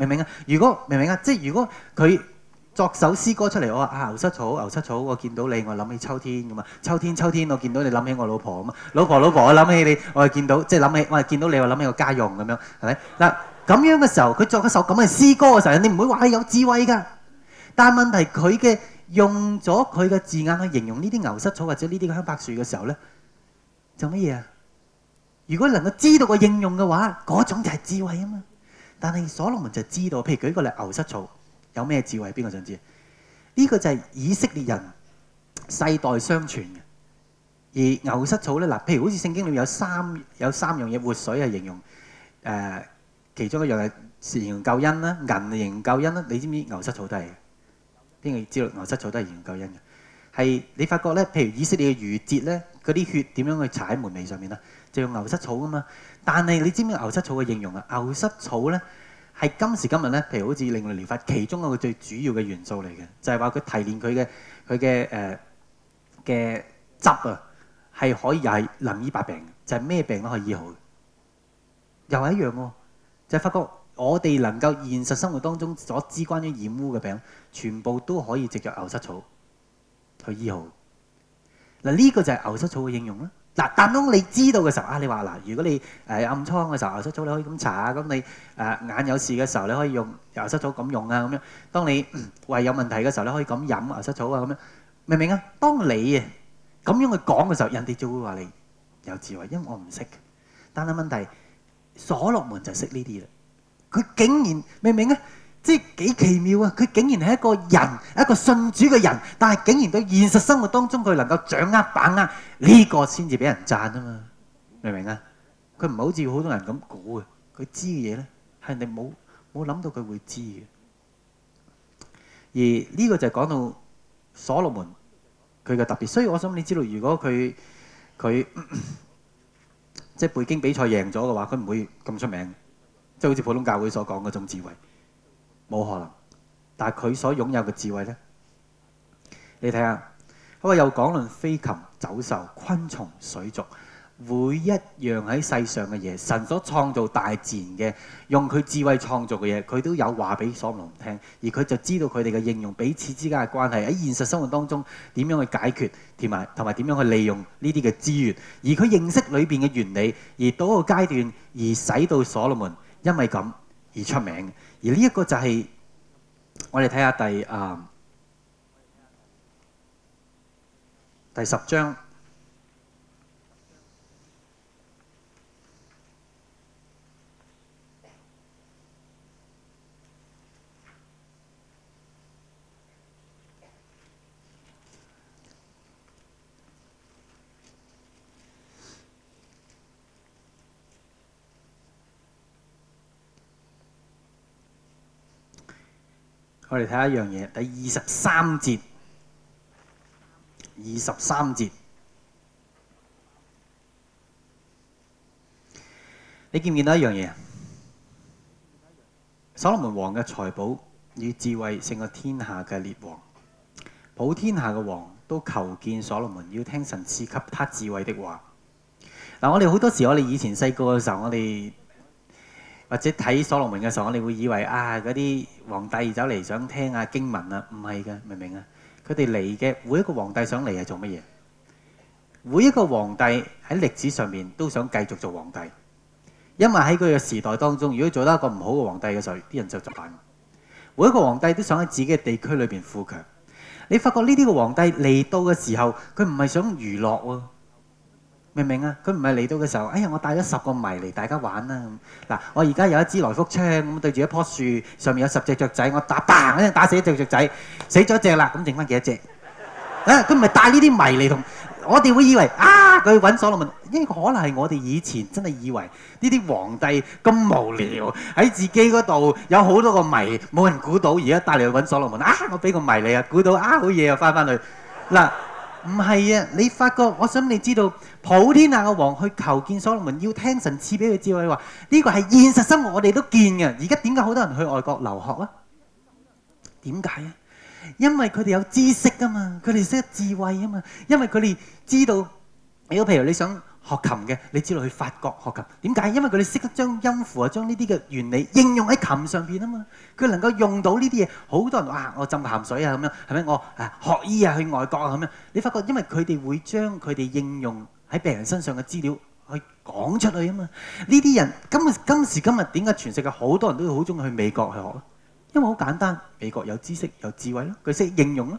明唔明啊？如果明唔明啊？即係如果佢作首詩歌出嚟，我話啊牛膝草，牛膝草，我見到你，我諗起秋天咁啊。秋天，秋天，我見到你，諗起我老婆咁啊。老婆，老婆，我諗起你，我係見到，即係諗起，我係見到你，我諗起我家用咁樣，係咪？嗱，咁樣嘅時候，佢作一首咁嘅詩歌嘅時候，你唔會話佢有智慧㗎。但係問題佢嘅用咗佢嘅字眼去形容呢啲牛膝草或者呢啲香柏樹嘅時候咧，做乜嘢啊？如果能夠知道個應用嘅話，嗰種就係智慧啊嘛。但係所羅門就知道，譬如舉個例，牛膝草有咩智慧？邊個想知？呢、呢個就係以色列人世代相傳嘅。而牛膝草咧，嗱，譬如好似聖經裏面有三有三樣嘢活水係、啊、形容誒、呃、其中一樣係形容救恩啦，銀形救恩啦。你知唔知牛膝草都係？邊個知道牛膝草都係形容救恩嘅？係你發覺咧，譬如以色列嘅逾節咧，嗰啲血點樣去擦喺門楣上面啊？就用牛膝草啊嘛。但係你知唔知牛膝草嘅應用啊？牛膝草咧係今時今日咧，譬如好似另類療法其中一個最主要嘅元素嚟嘅，就係話佢提煉佢嘅佢嘅誒嘅汁啊，係可以又能醫百病，就係、是、咩病都可以醫好。又係一樣喎，就係、是、發覺我哋能夠現實生活當中所知關於染污嘅病，全部都可以藉著牛膝草去醫好。嗱、這、呢個就係牛膝草嘅應用啦。但，當你知道嘅時候啊，你話嗱，如果你誒暗瘡嘅時候，牛膝草你可以咁查啊，咁你誒眼有事嘅時候，你可以用牛膝草咁用啊，咁樣。當你胃有問題嘅時候咧，你可以咁飲牛膝草啊，咁樣。明唔明啊？當你誒咁樣去講嘅時候，人哋就會話你有智慧，因為我唔識嘅。但係問題，所羅門就識呢啲啦。佢竟然，明唔明啊？即係幾奇妙啊！佢竟然係一個人，一個信主嘅人，但係竟然對現實生活當中佢能夠掌握把握，呢個先至俾人讚啊嘛！明唔明啊？佢唔係好似好多人咁估啊，佢知嘅嘢咧係你冇冇諗到佢會知嘅。而呢個就係講到所羅門佢嘅特別，所以我想你知道，如果佢佢即係背經比賽贏咗嘅話，佢唔會咁出名，即係好似普通教會所講嗰種智慧。冇可能，但係佢所擁有嘅智慧呢？你睇下，我哋有講論飛禽走獸、昆蟲、水族，每一樣喺世上嘅嘢，神所創造大自然嘅，用佢智慧創造嘅嘢，佢都有話俾所羅門聽，而佢就知道佢哋嘅應用，彼此之間嘅關係喺現實生活當中點樣去解決，同埋同埋點樣去利用呢啲嘅資源，而佢認識裏邊嘅原理，而到嗰個階段而使到所羅門因為咁而出名。而呢一個就係我哋睇下第啊、uh, 第十章。我哋睇一樣嘢，第二十三節，二十三節，你見唔見到一樣嘢？所羅門王嘅財寶與智慧勝過天下嘅列王，普天下嘅王都求見所羅門，要聽神賜給他智慧的話。嗱，我哋好多時，我哋以前細個嘅時候，我哋。或者睇所羅門嘅時候，你會以為啊，嗰啲皇帝走嚟想聽下經文啊，唔係嘅，明唔明啊？佢哋嚟嘅每一個皇帝想嚟係做乜嘢？每一個皇帝喺歷史上面都想繼續做皇帝，因為喺佢嘅時代當中，如果做得一個唔好嘅皇帝嘅時候，啲人就作反。每一個皇帝都想喺自己嘅地區裏邊富強。你發覺呢啲嘅皇帝嚟到嘅時候，佢唔係想娛樂喎。明唔明啊？佢唔係嚟到嘅時候，哎呀！我帶咗十個迷嚟大家玩啊。嗱，我而家有一支來福槍咁對住一棵樹，上面有十隻雀仔，我打嘭一打死一隻雀仔，死咗一隻啦，咁剩翻幾多隻？佢唔係帶呢啲迷嚟同我哋會以為啊，佢揾所羅門。呢個可能係我哋以前真係以為呢啲皇帝咁無聊喺自己嗰度有好多個迷，冇人估到，而家帶嚟揾所羅門。啊，我俾個迷你啊，估到啊？好嘢啊，翻翻去嗱。唔係啊！你發覺，我想你知道，普天下的王去求見所羅門，要聽神賜俾佢智慧話，呢、這個係現實生活，我哋都見嘅。而家點解好多人去外國留學啊？點解啊？因為佢哋有知識啊嘛，佢哋識得智慧啊嘛，因為佢哋知道，如果譬如你想。學琴嘅，你知道去法國學琴點解？因為佢哋識得將音符啊，將呢啲嘅原理應用喺琴上邊啊嘛。佢能夠用到呢啲嘢，好多人都話、啊、我浸鹹水啊咁樣，係咪我誒學醫啊去外國啊咁樣？你發覺，因為佢哋會將佢哋應用喺病人身上嘅資料去講出去啊嘛。呢啲人今今時今日點解全世界好多人都好中意去美國去學咯？因為好簡單，美國有知識有智慧咯，佢識應用咯。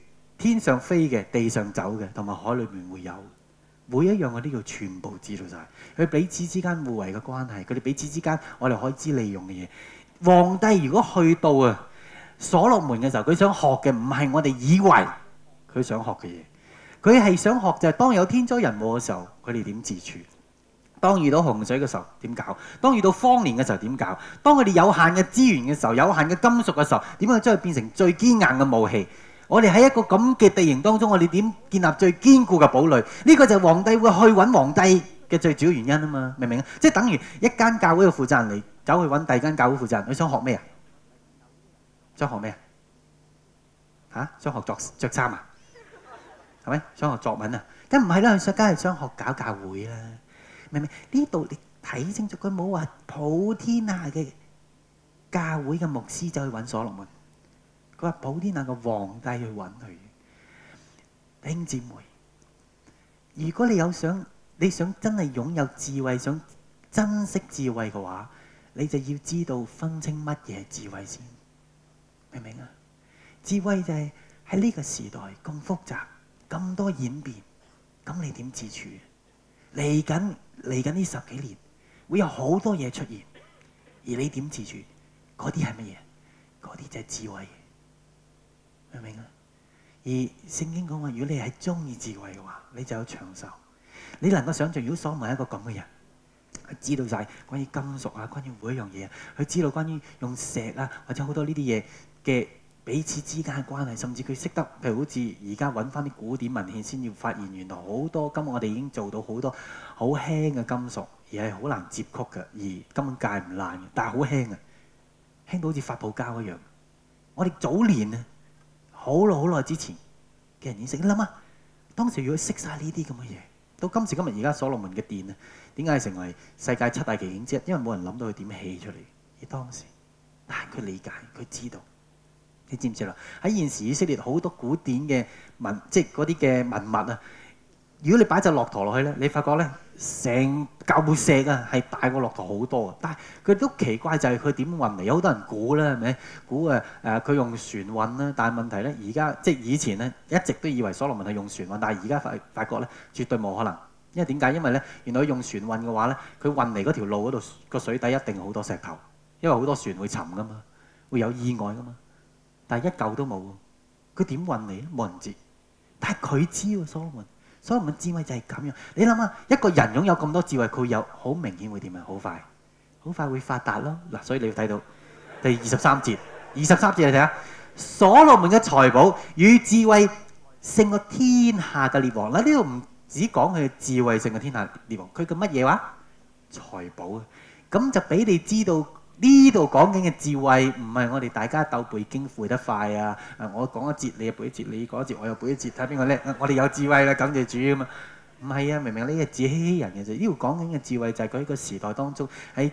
天上飛嘅、地上走嘅，同埋海裏面會有，每一樣我都要全部知道晒。佢彼此之間互為嘅關係，佢哋彼此之間我哋可以知利用嘅嘢。皇帝如果去到啊所羅門嘅時候，佢想學嘅唔係我哋以為佢想學嘅嘢，佢係想學就係當有天災人禍嘅時候，佢哋點自處？當遇到洪水嘅時候點搞？當遇到荒年嘅時候點搞？當佢哋有限嘅資源嘅時候，有限嘅金屬嘅時候，點樣將佢變成最堅硬嘅武器？我哋喺一個咁嘅地形當中，我哋點建立最堅固嘅堡壘？呢個就係皇帝會去揾皇帝嘅最主要原因啊嘛，明唔明？即係等於一間教會嘅負責人嚟走去揾第二間教會負責人，你想學咩啊？想學咩啊？嚇？想學作著衫啊？係咪？想學作文啊？梗唔係啦，佢想梗係想學搞教會啦。明唔明？呢度你睇清楚，佢冇話普天下嘅教會嘅牧師走去揾所羅門。佢話：普天那個皇帝去揾佢。弟兄姐妹，如果你有想你想真係擁有智慧，想珍惜智慧嘅話，你就要知道分清乜嘢係智慧先，明唔明啊？智慧就係喺呢個時代咁複雜、咁多演變，咁你點自處？嚟緊嚟緊呢十幾年會有好多嘢出現，而你點自處？嗰啲係乜嘢？嗰啲就係智慧。明唔明啊？而聖經講話，如果你係中意智慧嘅話，你就有長壽。你能夠想像，如果所羅門係一個咁嘅人，佢知道晒關於金屬啊，關於每一樣嘢啊，佢知道關於用石啊，或者好多呢啲嘢嘅彼此之間嘅關係，甚至佢識得，譬如好似而家揾翻啲古典文獻先要發現，原來好多今日我哋已經做到好多好輕嘅金屬，而係好難接曲嘅，而根本唔爛嘅，但係好輕嘅，輕到好似發泡膠一樣。我哋早年啊～好耐好耐之前嘅人認識，你諗啊？當時如果識晒呢啲咁嘅嘢，到今時今日而家所羅門嘅殿啊，點解成為世界七大奇景之一？因為冇人諗到佢點起出嚟。而當時，但係佢理解，佢知道。你知唔知啦？喺現時以色列好多古典嘅文，即係嗰啲嘅文物啊。如果你擺隻駱駝落去咧，你發覺咧。成嚿石啊，係大過駱駝好多，但係佢都奇怪就係佢點運嚟？有好多人估啦，係咪？估誒誒，佢用船運啦。但係問題咧，而家即係以前咧，一直都以為所羅門係用船運，但係而家發發覺咧，絕對冇可能。因為點解？因為咧，原來用船運嘅話咧，佢運嚟嗰條路嗰度個水底一定好多石頭，因為好多船會沉噶嘛，會有意外噶嘛。但係一嚿都冇，佢點運嚟咧？冇人知。但係佢知所羅門。所羅門智慧就係咁樣。你諗下，一個人擁有咁多智慧，佢有好明顯會點樣？好快，好快會發達咯。嗱，所以你要睇到第二十三節，二十三節你睇下，所羅門嘅財寶與智慧勝過天下嘅列王嗱。呢度唔只講佢智慧勝過天下列王，佢嘅乜嘢話財寶啊？咁就俾你知道。呢度講緊嘅智慧唔係我哋大家鬥背經背得快啊！我講一節你又背一節，你講一節我又背一節，睇下邊個叻！我哋有智慧啦，感謝主啊嘛！唔係啊，明明呢係自欺欺人嘅啫。呢度講緊嘅智慧就係佢喺個時代當中喺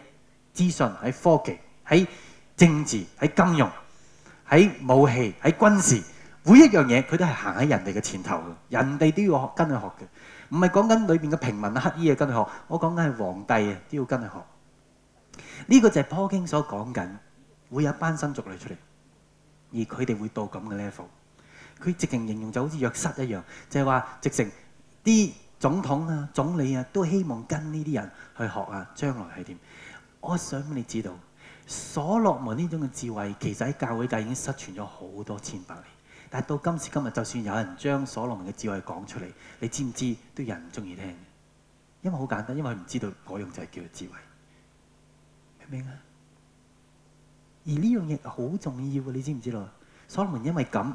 資訊、喺科技、喺政治、喺金融、喺武器、喺軍事，每一樣嘢佢都係行喺人哋嘅前頭嘅，人哋都要跟學跟佢學嘅。唔係講緊裏邊嘅平民乞衣啊跟佢學，我講緊係皇帝啊都要跟佢學。呢、這個就係 Paul King 所講緊，會有一班新族女出嚟，而佢哋會到咁嘅 level。佢直情形容就好似約瑟一樣，就係、是、話直成啲總統啊、總理啊都希望跟呢啲人去學啊。將來係點？我想你知道，所羅門呢種嘅智慧其實喺教會界已經失傳咗好多千百年。但係到今時今日，就算有人將所羅門嘅智慧講出嚟，你知唔知道都有人唔中意聽？因為好簡單，因為唔知道嗰樣就係叫做智慧。明啊！而呢樣嘢好重要，你知唔知道？所羅門因為咁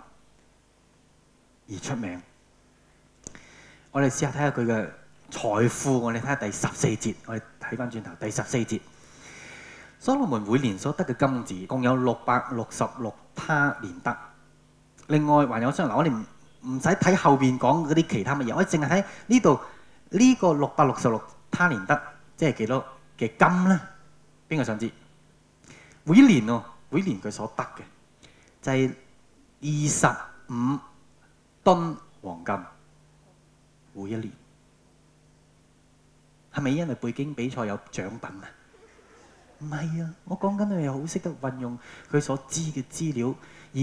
而出名。我哋試下睇下佢嘅財富。我哋睇下第十四節。我哋睇翻轉頭第十四節。所羅門每年所得嘅金子共有六百六十六他連得。另外還有，嗱，我哋唔唔使睇後邊講嗰啲其他乜嘢，我淨係喺呢度呢個六百六十六他連得，即係幾多嘅金咧？邊個想知？每年哦，每年佢所得嘅，就係二十五噸黃金，每一年係咪因為背景比賽有獎品啊？唔係啊，我講緊佢係好識得運用佢所知嘅資料，而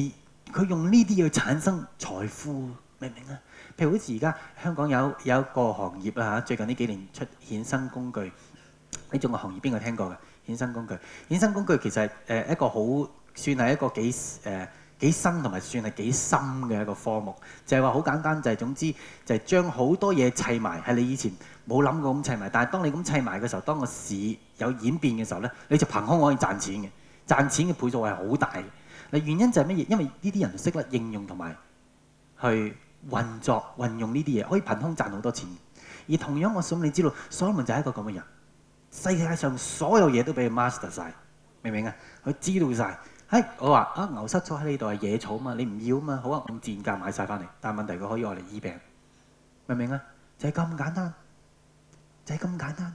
佢用呢啲去產生財富，明唔明啊？譬如好似而家香港有有一個行業啦吓，最近呢幾年出衍生工具呢種嘅行業，邊個聽過嘅？衍生工具，衍生工具其實係一個好算係一個幾誒幾新同埋算係幾深嘅一個科目，就係話好簡單，就係、是、總之就係將好多嘢砌埋，係你以前冇諗過咁砌埋，但係當你咁砌埋嘅時候，當個市有演變嘅時候呢，你就憑空可以賺錢嘅，賺錢嘅倍數係好大嘅。嗱，原因就係乜嘢？因為呢啲人識得應用同埋去運作運用呢啲嘢，可以憑空賺好多錢。而同樣，我想你知道，所羅門就係一個咁嘅人。世界上所有嘢都俾佢 master 曬，明唔明啊？佢知道晒。嘿、哎，我話啊，牛失咗喺呢度係，野草嘛，你唔要嘛，好啊，咁賤價買曬翻嚟。但係問題，佢可以愛嚟醫病，明唔明啊？就係、是、咁簡單，就係、是、咁簡單。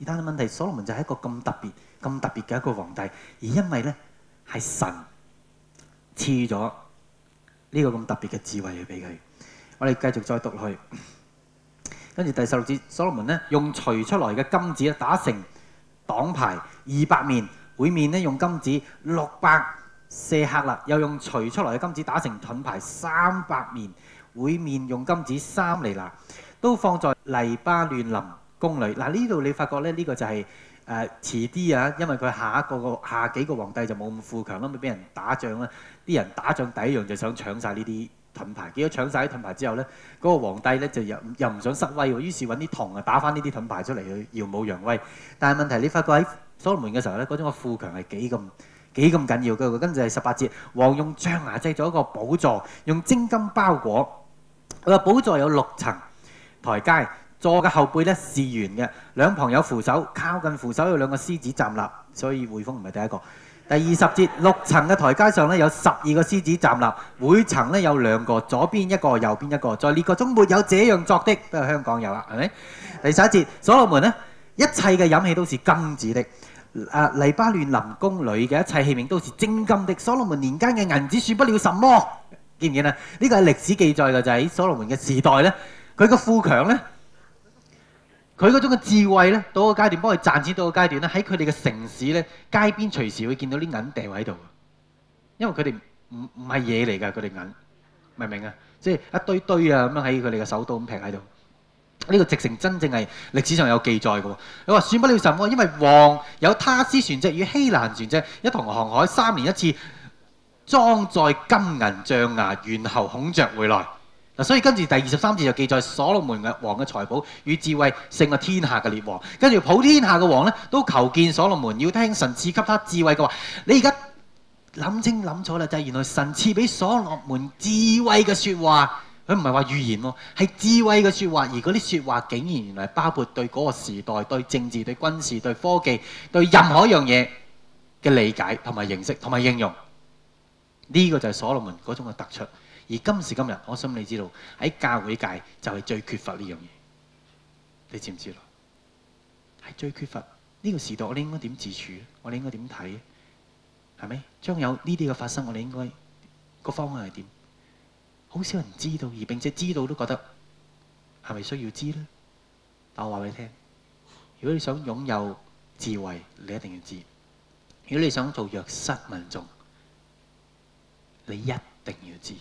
而但係問題，所羅門就係一個咁特別、咁特別嘅一個皇帝，而因為咧係神賜咗呢個咁特別嘅智慧嘅俾佢。我哋繼續再讀落去。跟住第十六節，所羅門咧用錘出來嘅金子啊，打成擋牌二百面，每面咧用金子六百舍客勒啦；又用錘出來嘅金子打成盾牌三百面，每面用金子三彌拿，都放在黎巴嫩林宮裏。嗱、啊，呢度你發覺咧，呢、這個就係誒遲啲啊，因為佢下一個個下幾個皇帝就冇咁富強啦，咪俾人打仗啦，啲人打仗第一樣就想搶晒呢啲。盾牌，結果搶晒啲盾牌之後呢，嗰、那個皇帝呢就又又唔想失威喎，於是揾啲銅啊打返呢啲盾牌出嚟去耀武揚威，但係問題你發覺喺所羅門嘅時候呢，嗰種嘅富強係幾咁幾咁緊要嘅。跟住係十八節，王用象牙製咗一個寶座，用精金包裹。佢話寶座有六層台階，座嘅後背呢是圓嘅，兩旁有扶手，靠近扶手有兩個獅子站立。所以匯豐唔係第一個。第二十節，六層嘅台階上咧有十二個獅子站立，每層咧有兩個，左邊一個，右邊一個，在列國中沒有這樣作的，不過香港有啦，係咪？第十一節，所羅門呢，一切嘅飲器都是金子的，啊，黎巴嫩林宮裏嘅一切器皿都是精金的，所羅門年間嘅銀子算不了什麼，記唔記啦？呢、這個係歷史記載嘅就係、是、所羅門嘅時代咧，佢嘅富強咧。佢嗰種嘅智慧咧，到個階段幫佢賺錢到階，到個階段咧，喺佢哋嘅城市咧，街邊隨時會見到啲銀掉喺度，因為佢哋唔唔係嘢嚟㗎，佢哋銀明唔明啊？即係一堆堆啊，咁樣喺佢哋嘅首都咁劈喺度，呢個直情真正係歷史上有記載嘅。佢話算不了什麼，因為王有他斯船隻與希蘭船隻一同航海三年一次裝，裝載金銀、象牙、猿猴、孔雀回來。嗱，所以跟住第二十三節就記載所羅門嘅王嘅財寶與智慧，勝過天下嘅列王。跟住普天下嘅王咧都求見所羅門，要聽神賜給他智慧嘅話。你而家諗清諗楚啦，就係原來神賜俾所羅門智慧嘅説話，佢唔係話預言喎，係智慧嘅説話。而嗰啲説話竟然原來包括對嗰個時代、對政治、對軍事、對科技、對任何一樣嘢嘅理解同埋認識同埋應用。呢個就係所羅門嗰種嘅突出。而今時今日，我心裏知道喺教會界就係最缺乏呢樣嘢，你知唔知道？係最缺乏呢。呢個時代，我哋應該點自處？我哋應該點睇？係咪？將有呢啲嘅發生，我哋應該個方向係點？好少人知道，而並且知道都覺得係咪是是需要知呢？但我話俾你聽，如果你想擁有智慧，你一定要知；如果你想做約瑟民眾，你一定要知。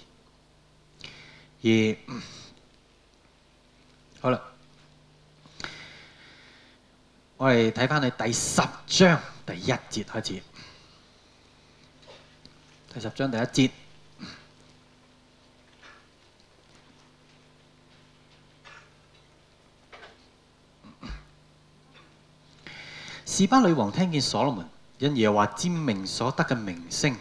而好啦，我哋睇翻去第十章第一節開始。第十章第一節，示巴女王聽見所羅門因耶和華之名所得嘅名聲，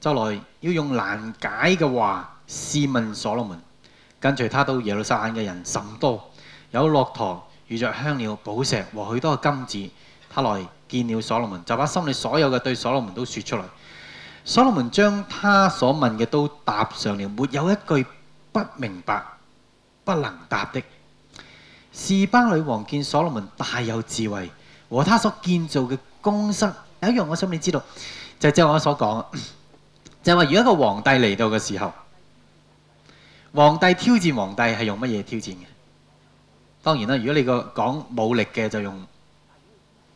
就來要用難解嘅話。試問所羅門，跟隨他到耶路撒冷嘅人甚多，有駱駝、遇着香料、寶石和許多金子。他來見了所羅門，就把心裡所有嘅對所羅門都說出嚟。所羅門將他所問嘅都答上了，沒有一句不明白、不能答的。示巴女王見所羅門大有智慧，和他所建造嘅宮室有一樣，我想你知道，就即、是、係我所講就就是、話如果一個皇帝嚟到嘅時候。皇帝挑戰皇帝係用乜嘢挑戰嘅？當然啦，如果你個講武力嘅就用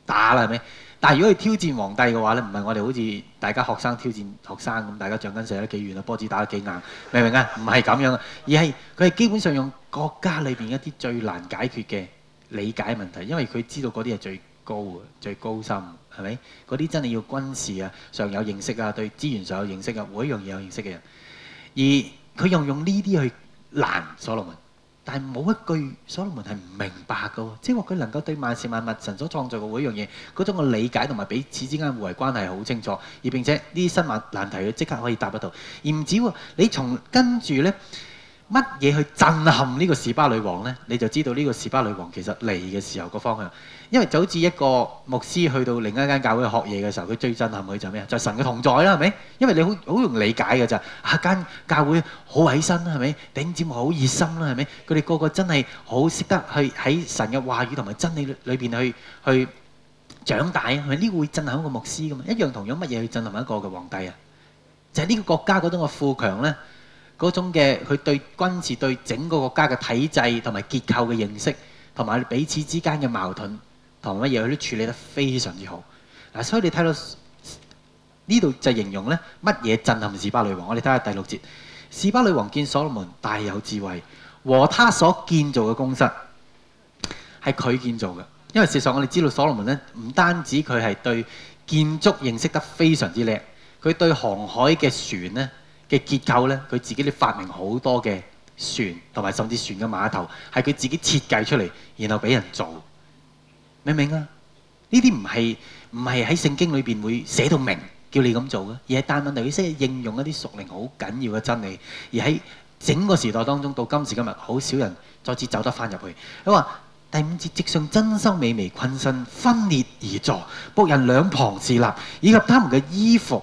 打啦，係咪？但係如果去挑戰皇帝嘅話咧，唔係我哋好似大家學生挑戰學生咁，大家橡筋扯得幾遠啊，波子打得幾硬，明唔明啊？唔係咁樣，而係佢係基本上用國家裏邊一啲最難解決嘅理解問題，因為佢知道嗰啲係最高嘅、最高深嘅，係咪？嗰啲真係要軍事啊、上有認識啊、對資源上有認識啊、每一樣嘢有認識嘅人，而。佢又用呢啲去難所羅門，但係冇一句所羅門係唔明白嘅，即係話佢能夠對萬事萬物神所創造嘅每一樣嘢，嗰種嘅理解同埋彼此之間互為關係好清楚，而並且呢啲新嘅難題佢即刻可以答得到，而唔止喎，你從跟住呢。乜嘢去震撼呢個士巴女王呢？你就知道呢個士巴女王其實嚟嘅時候個方向，因為就好似一個牧師去到另一間教會學嘢嘅時候，佢最震撼佢就係咩啊？就係神嘅同在啦，係咪？因為你好好容易理解嘅咋。啊間教會好委身啦，係咪？頂尖好熱心啦，係咪？佢哋個個真係好識得去喺神嘅話語同埋真理裏邊去去長大啊！係咪？呢個會震撼一個牧師噶嘛？一樣同樣乜嘢去震撼一個嘅皇帝啊？就係呢個國家嗰種嘅富強呢。嗰種嘅佢對軍事、對整個國家嘅體制同埋結構嘅認識，同埋彼此之間嘅矛盾同乜嘢，佢都處理得非常之好。嗱，所以你睇到呢度就形容呢乜嘢震撼士巴女王。我哋睇下第六節，士巴女王見所羅門大有智慧，和他所建造嘅宮室係佢建造嘅。因為事實上我哋知道所羅門呢，唔單止佢係對建築認識得非常之叻，佢對航海嘅船呢。嘅結構咧，佢自己都發明好多嘅船同埋甚至船嘅碼頭，係佢自己設計出嚟，然後俾人做，明唔明啊？呢啲唔係唔係喺聖經裏邊會寫到明，叫你咁做嘅，而係帶問句式應用一啲熟練好緊要嘅真理，而喺整個時代當中到今時今日，好少人再次走得返入去。佢話第五節，席上珍饈美味，群臣分列而坐，僕人兩旁侍立，以及他們嘅衣服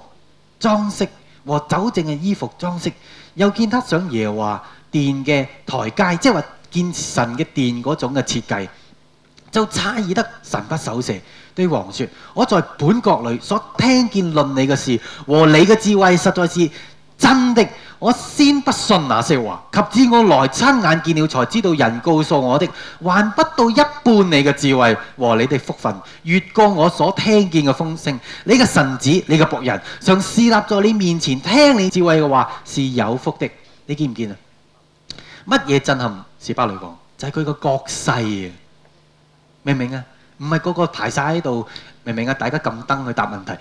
裝飾。裝飾和酒政嘅衣服裝飾，又見得上耶和華殿嘅台階，即係話見神嘅殿嗰種嘅設計，就差異得神不守舍，對王説：我在本國裏所聽見論你嘅事和你嘅智慧，實在是。真的，我先不信那些話，及至我來親眼見了才，才知道人告訴我的還不到一半。你嘅智慧和你哋福分，越過我所聽見嘅風聲。你嘅神子，你嘅僕人，常侍立在你面前聽你智慧嘅話，是有福的。你見唔見啊？乜嘢震撼？是巴女王講，就係佢嘅角勢啊！明唔明啊？唔係嗰個排晒喺度，明唔明啊？大家撳燈去答問題，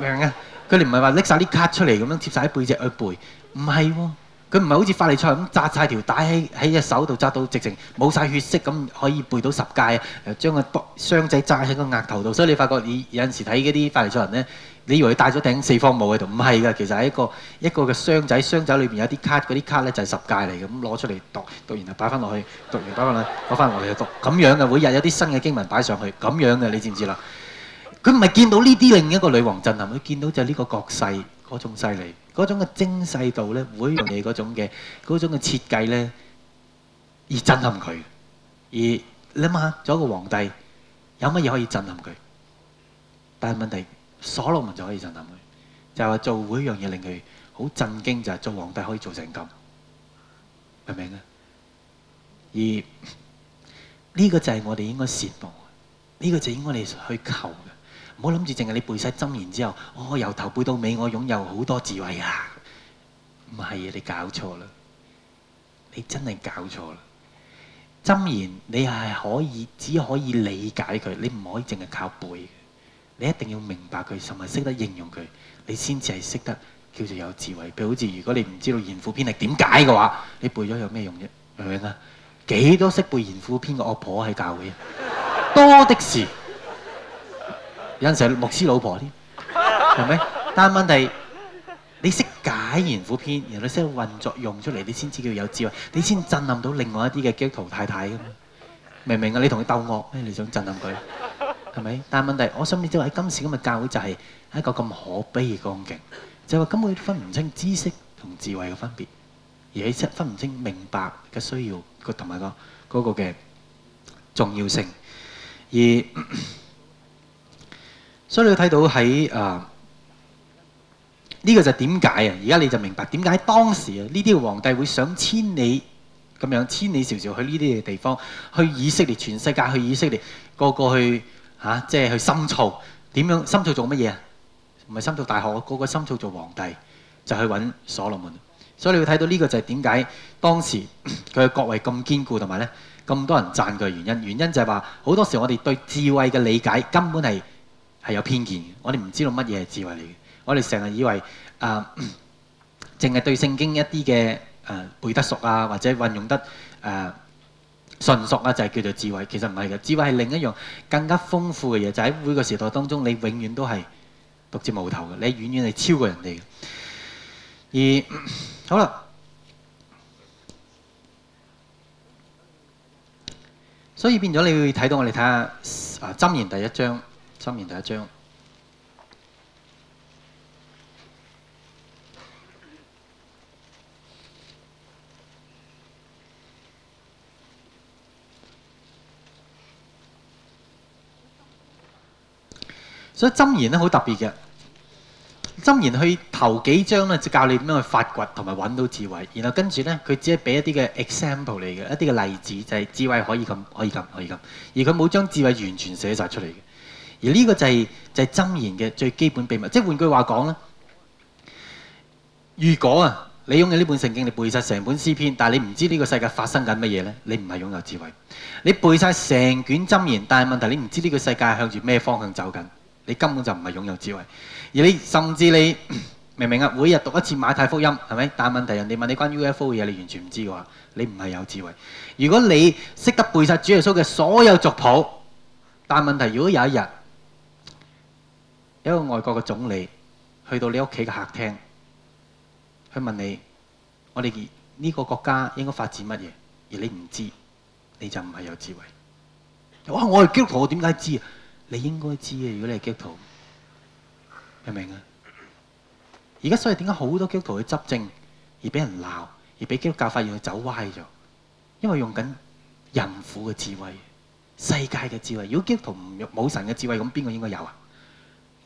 明啊？佢哋唔係話拎晒啲卡出嚟咁樣貼晒喺背脊去背，唔係喎。佢唔係好似法利賽咁紮晒條帶喺喺隻手度，扎到直情冇晒血色咁可以背到十戒。誒，將個箱仔紮喺個額頭度，所以你發覺你有陣時睇嗰啲法利賽人咧，你以為佢戴咗頂四方帽喺度，唔係噶，其實係一個一個嘅箱仔，箱仔裏邊有啲卡，嗰啲卡咧就係十戒嚟嘅，咁攞出嚟讀，讀完就擺翻落去，讀完擺翻落去，攞翻我哋嚟讀，咁樣嘅每日有啲新嘅經文擺上去，咁樣嘅你知唔知啦？佢唔係見到呢啲另一個女王震撼，佢見到就係呢個國勢嗰種犀利，嗰種嘅精細度咧，每一樣嘢嗰種嘅嗰種嘅設計咧，而震撼佢。而你諗下做一個皇帝有乜嘢可以震撼佢？但係問題，所羅門就可以震撼佢，就係話做每一樣嘢令佢好震驚，就係做皇帝可以做成咁，明唔明啊？而呢個就係我哋應該羨慕，呢個就應該你去求嘅。唔好諗住淨係你背晒《箴言》之後，我、哦、由頭背到尾，我擁有好多智慧啊！唔係啊，你搞錯啦！你真係搞錯啦！《箴言》你係可以只可以理解佢，你唔可以淨係靠背。你一定要明白佢，甚至識得應用佢，你先至係識得叫做有智慧。譬如好似如果你唔知道《賢婦篇》係點解嘅話，你背咗有咩用啫？明咪？啊？幾多識背《賢婦篇》嘅？惡婆喺教會，多的是。有陣時牧師老婆添，係咪？但問題你識解然苦篇，然後你識運作用出嚟，你先至叫有智慧，你先震撼到另外一啲嘅基督徒太太咁。明唔明啊？你同佢鬥惡，你想震撼佢係咪？但問題，我想呢就喺今時今日教會就係一個咁可悲嘅光景，就係話根本分唔清知識同智慧嘅分別，而且分唔清明白嘅需要個同埋個嗰個嘅重要性，而。所以你睇到喺啊呢、這個就係點解啊？而家你就明白點解當時啊呢啲皇帝會想千里咁樣千里迢迢去呢啲嘅地方，去以色列、全世界、去以色列個個去嚇，即、啊、係、就是、去深造。點樣深造做乜嘢啊？唔係深造大學，個個深造做皇帝，就去揾所羅門。所以你會睇到呢個就係點解當時佢嘅國位咁堅固，同埋咧咁多人讚佢嘅原因。原因就係話好多時候我哋對智慧嘅理解根本係。係有偏見嘅，我哋唔知道乜嘢係智慧嚟嘅。我哋成日以為啊，淨、呃、係對聖經一啲嘅誒背得熟啊，或者運用得誒純熟啊，就係、是、叫做智慧。其實唔係嘅，智慧係另一樣更加豐富嘅嘢。就喺、是、每個時代當中你遠，你永遠都係獨佔鰲頭嘅，你遠遠係超過人哋嘅。而好啦，所以變咗你會睇到我哋睇下《箴、啊、言》第一章。《箴言》第一章，所以《箴言》咧好特別嘅，《箴言》去頭幾章咧就教你點樣去發掘同埋揾到智慧，然後跟住咧佢只係俾一啲嘅 example 嚟嘅，一啲嘅例子就係、是、智慧可以咁，可以咁，可以咁，而佢冇將智慧完全寫曬出嚟。而呢個就係、是、就係箴言嘅最基本秘密。即係換句話講咧，如果啊你擁有呢本聖經你背晒成本詩篇，但係你唔知呢個世界發生緊乜嘢咧，你唔係擁有智慧。你背晒成卷箴言，但係問題你唔知呢個世界向住咩方向走緊，你根本就唔係擁有智慧。而你甚至你明唔明啊？每日讀一次馬太福音，係咪？但係問題人哋問你關於 UFO 嘅嘢，你完全唔知嘅話，你唔係有智慧。如果你識得背晒主耶穌嘅所有族譜，但係問題如果有一日，有一個外國嘅總理去到你屋企嘅客廳，去問你：我哋呢個國家應該發展乜嘢？而你唔知道，你就唔係有智慧。哇，我係基督徒，我點解知道？你應該知道，如果你係基督徒，你明唔明啊？而家所以點解好多基督徒去執政，而被人鬧，而被基督教發現佢走歪咗，因為用緊人嘅智慧、世界嘅智慧。如果基督徒冇神嘅智慧，咁邊個應該有啊？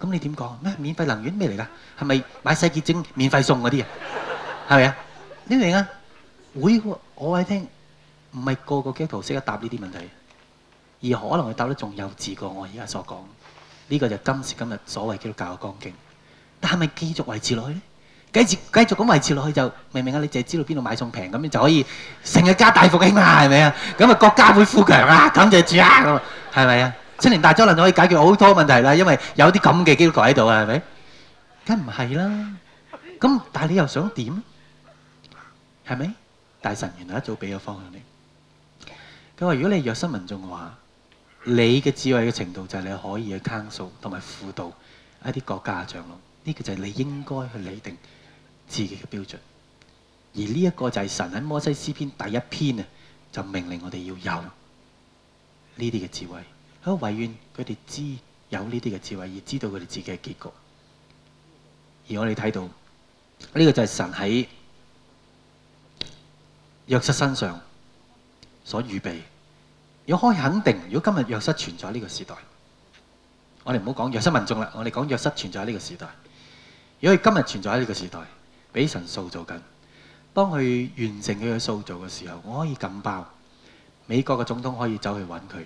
咁你點講？咩免費能源咩嚟㗎？係咪買洗潔精免費送嗰啲人？係咪啊？你明啊？會我我係聽，唔係個個基督徒識得答呢啲問題，而可能佢答得仲幼稚過我而家所講。呢個就今時今日所謂基督教嘅光景。但係咪繼續維持落去咧？繼續繼續咁維持落去就明唔明啊？你淨係知道邊度買餸平，咁你就可以成日加大復興啊？係咪啊？咁啊國家會富強啊？咁就住啊？係咪啊？青年大災難就可以解決好多問題啦，因為有啲咁嘅機會喺度啊，係咪？梗唔係啦，咁但係你又想點？係咪？大神原來一早俾咗方向你。佢話：如果你係約瑟民眾嘅話，你嘅智慧嘅程度就係你可以去 counsel 同埋輔導一啲國家嘅長老。呢個就係你應該去理定自己嘅標準。而呢一個就係神喺摩西詩篇第一篇啊，就命令我哋要有呢啲嘅智慧。佢惟願，佢哋知有呢啲嘅智慧，而知道佢哋自己嘅結局。而我哋睇到呢個就係神喺約瑟身上所預備。如果可以肯定，如果今日約瑟存在呢個時代，我哋唔好講約瑟民眾啦，我哋講約瑟存在呢個時代。如果佢今日存在喺呢個時代，俾神塑造緊，當佢完成佢嘅塑造嘅時候，我可以緊爆美國嘅總統可以走去揾佢。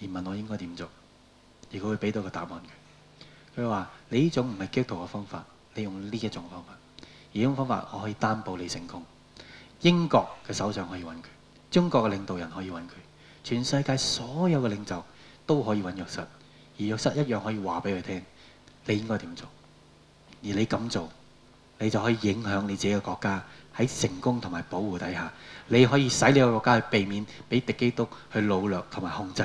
而問我應該點做，而佢會俾到個答案嘅。佢話：你呢種唔係基督徒嘅方法，你用呢一種方法。而呢種方法我可以擔保你成功。英國嘅首相可以揾佢，中國嘅領導人可以揾佢，全世界所有嘅領袖都可以揾約瑟。而約瑟一樣可以話俾佢聽，你應該點做。而你咁做，你就可以影響你自己嘅國家喺成功同埋保護底下，你可以使你嘅國家去避免俾敵基督去努力同埋控制。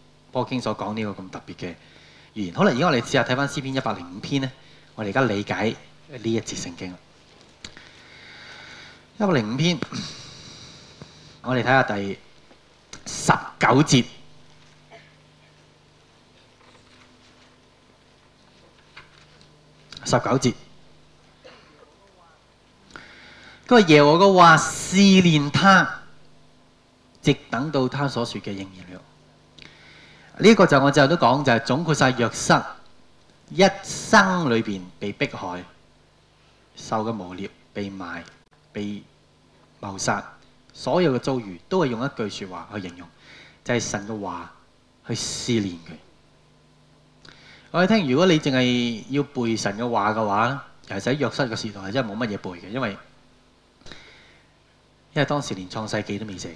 波經所講呢個咁特別嘅語言。好，可能而家我哋試下睇翻詩篇一百零五篇咧，我哋而家理解呢一節聖經啦。一百零五篇，我哋睇下第十九節，十九節，耶和華嘅話試煉他，直等到他所說嘅應驗了。呢、這個就是我最後都講，就係總括晒。約瑟一生裏邊被迫害，受嘅誣衊，被賣，被謀殺，所有嘅遭遇都係用一句説話去形容，就係，是，神嘅話去試煉佢。我哋聽，如果你淨係要背神嘅話嘅話，其實喺約瑟嘅時代係真係冇乜嘢背嘅，因為因為當時連創世記都未寫。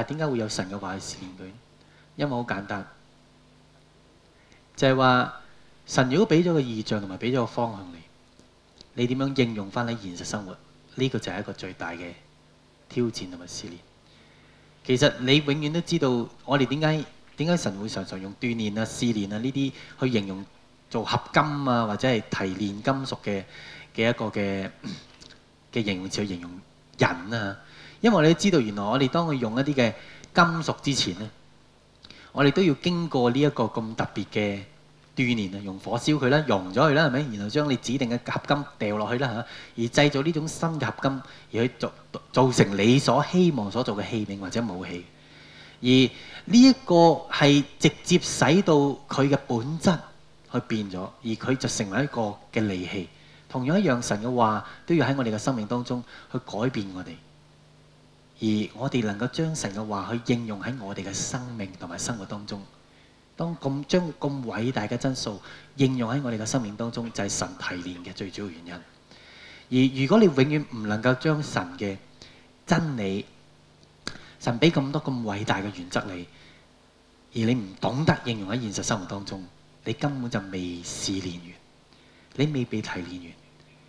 但係點解會有神嘅話去試煉佢？因為好簡單就，就係話神如果俾咗個意象同埋俾咗個方向你，你點樣應用翻喺現實生活？呢、呢個就係一個最大嘅挑戰同埋試煉。其實你永遠都知道我，我哋點解點解神會常常用鍛煉啊、試煉啊呢啲去形容做合金啊，或者係提煉金屬嘅嘅一個嘅嘅形容詞去形容人啊。因為你知道，原來我哋當佢用一啲嘅金屬之前咧，我哋都要經過呢一個咁特別嘅鍛鍊啊，用火燒佢啦，溶咗佢啦，係咪？然後將你指定嘅合金掉落去啦嚇，而製造呢種新嘅合金，而去做造成你所希望所做嘅器皿或者武器。而呢一個係直接使到佢嘅本質去變咗，而佢就成為一個嘅利器。同樣一樣，神嘅話都要喺我哋嘅生命當中去改變我哋。而我哋能夠將神嘅話去應用喺我哋嘅生命同埋生活當中，當咁將咁偉大嘅質素應用喺我哋嘅生命當中，就係、是、神提煉嘅最主要原因。而如果你永遠唔能夠將神嘅真理，神俾咁多咁偉大嘅原則你，而你唔懂得應用喺現實生活當中，你根本就未試煉完，你未被提煉完，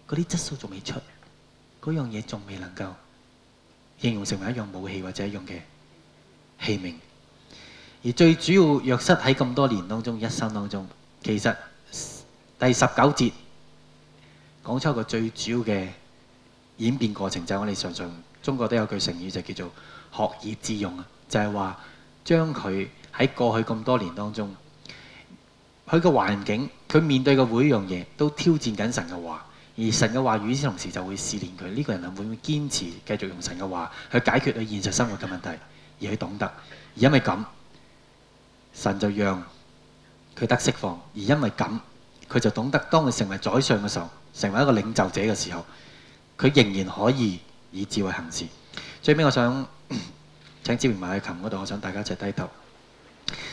嗰啲質素仲未出，嗰樣嘢仲未能夠。應用成為一樣武器或者一樣嘅器皿，而最主要約瑟喺咁多年當中、一生當中，其實第十九節講出一個最主要嘅演變過程，就係、我哋常常中國都有句成語就叫做學以致用啊，就係、是、話將佢喺過去咁多年當中，佢個環境、佢面對嘅每一樣嘢都挑戰緊神嘅話。而神嘅話語，與此同時就會試煉佢。呢個人會唔會堅持繼續用神嘅話去解決佢現實生活嘅問題，而去懂得。而因為咁，神就讓佢得釋放。而因為咁，佢就懂得，當佢成為宰相嘅時候，成為一個領袖者嘅時候，佢仍然可以以智慧行事。最尾，我想請志明埋去琴嗰度，我想大家一齊低頭。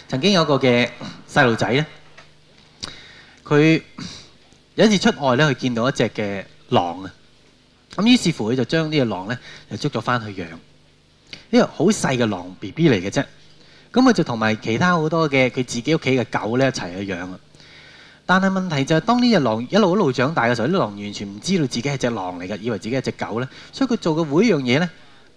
曾經有個嘅細路仔咧，佢。有一次出外咧，佢見到一隻嘅狼啊，咁於是乎佢就將呢隻狼咧就捉咗翻去養，呢個好細嘅狼 B B 嚟嘅啫，咁佢就同埋其他好多嘅佢自己屋企嘅狗咧一齊去養啊。但係問題就係當呢隻狼一路一路長大嘅時候，呢狼完全唔知道自己係隻狼嚟嘅，以為自己係隻狗咧，所以佢做嘅每一樣嘢咧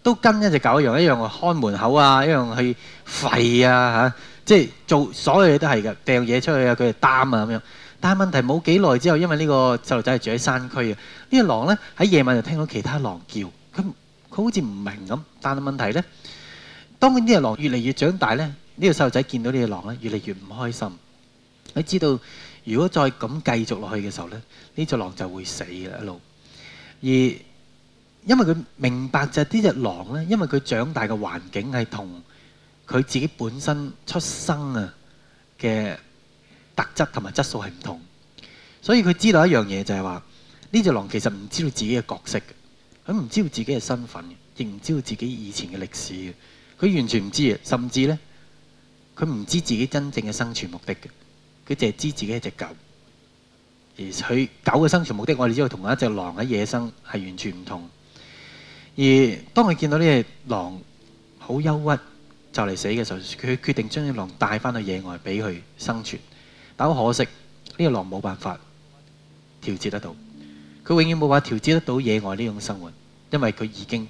都跟一隻狗一樣，一樣去看門口啊，一樣去吠啊嚇，即係做所有嘢都係嘅，掟嘢出去啊，佢就擔啊咁樣。但係問題，冇幾耐之後，因為呢個細路仔係住喺山區啊，呢隻狼呢喺夜晚就聽到其他狼叫，佢佢好似唔明咁。但係問題呢，當呢隻狼越嚟越長大呢，呢個細路仔見到呢隻狼呢，越嚟越唔開心。佢知道如果再咁繼續落去嘅時候呢，呢隻狼就會死嘅一路。而因為佢明白就係呢隻狼呢，因為佢長大嘅環境係同佢自己本身出生啊嘅。特質同埋質素係唔同，所以佢知道一樣嘢就係話呢隻狼其實唔知道自己嘅角色，佢唔知道自己嘅身份，亦唔知道自己以前嘅歷史，佢完全唔知啊。甚至呢，佢唔知自己真正嘅生存目的嘅，佢淨係知自己係隻狗，而佢狗嘅生存目的，我哋知道同一隻狼喺野生係完全唔同。而當佢見到呢隻狼好憂鬱就嚟死嘅時候，佢決定將隻狼帶翻去野外俾佢生存。但好可惜呢個狼冇辦法調節得到，佢永遠冇辦法調節得到野外呢種生活，因為佢已經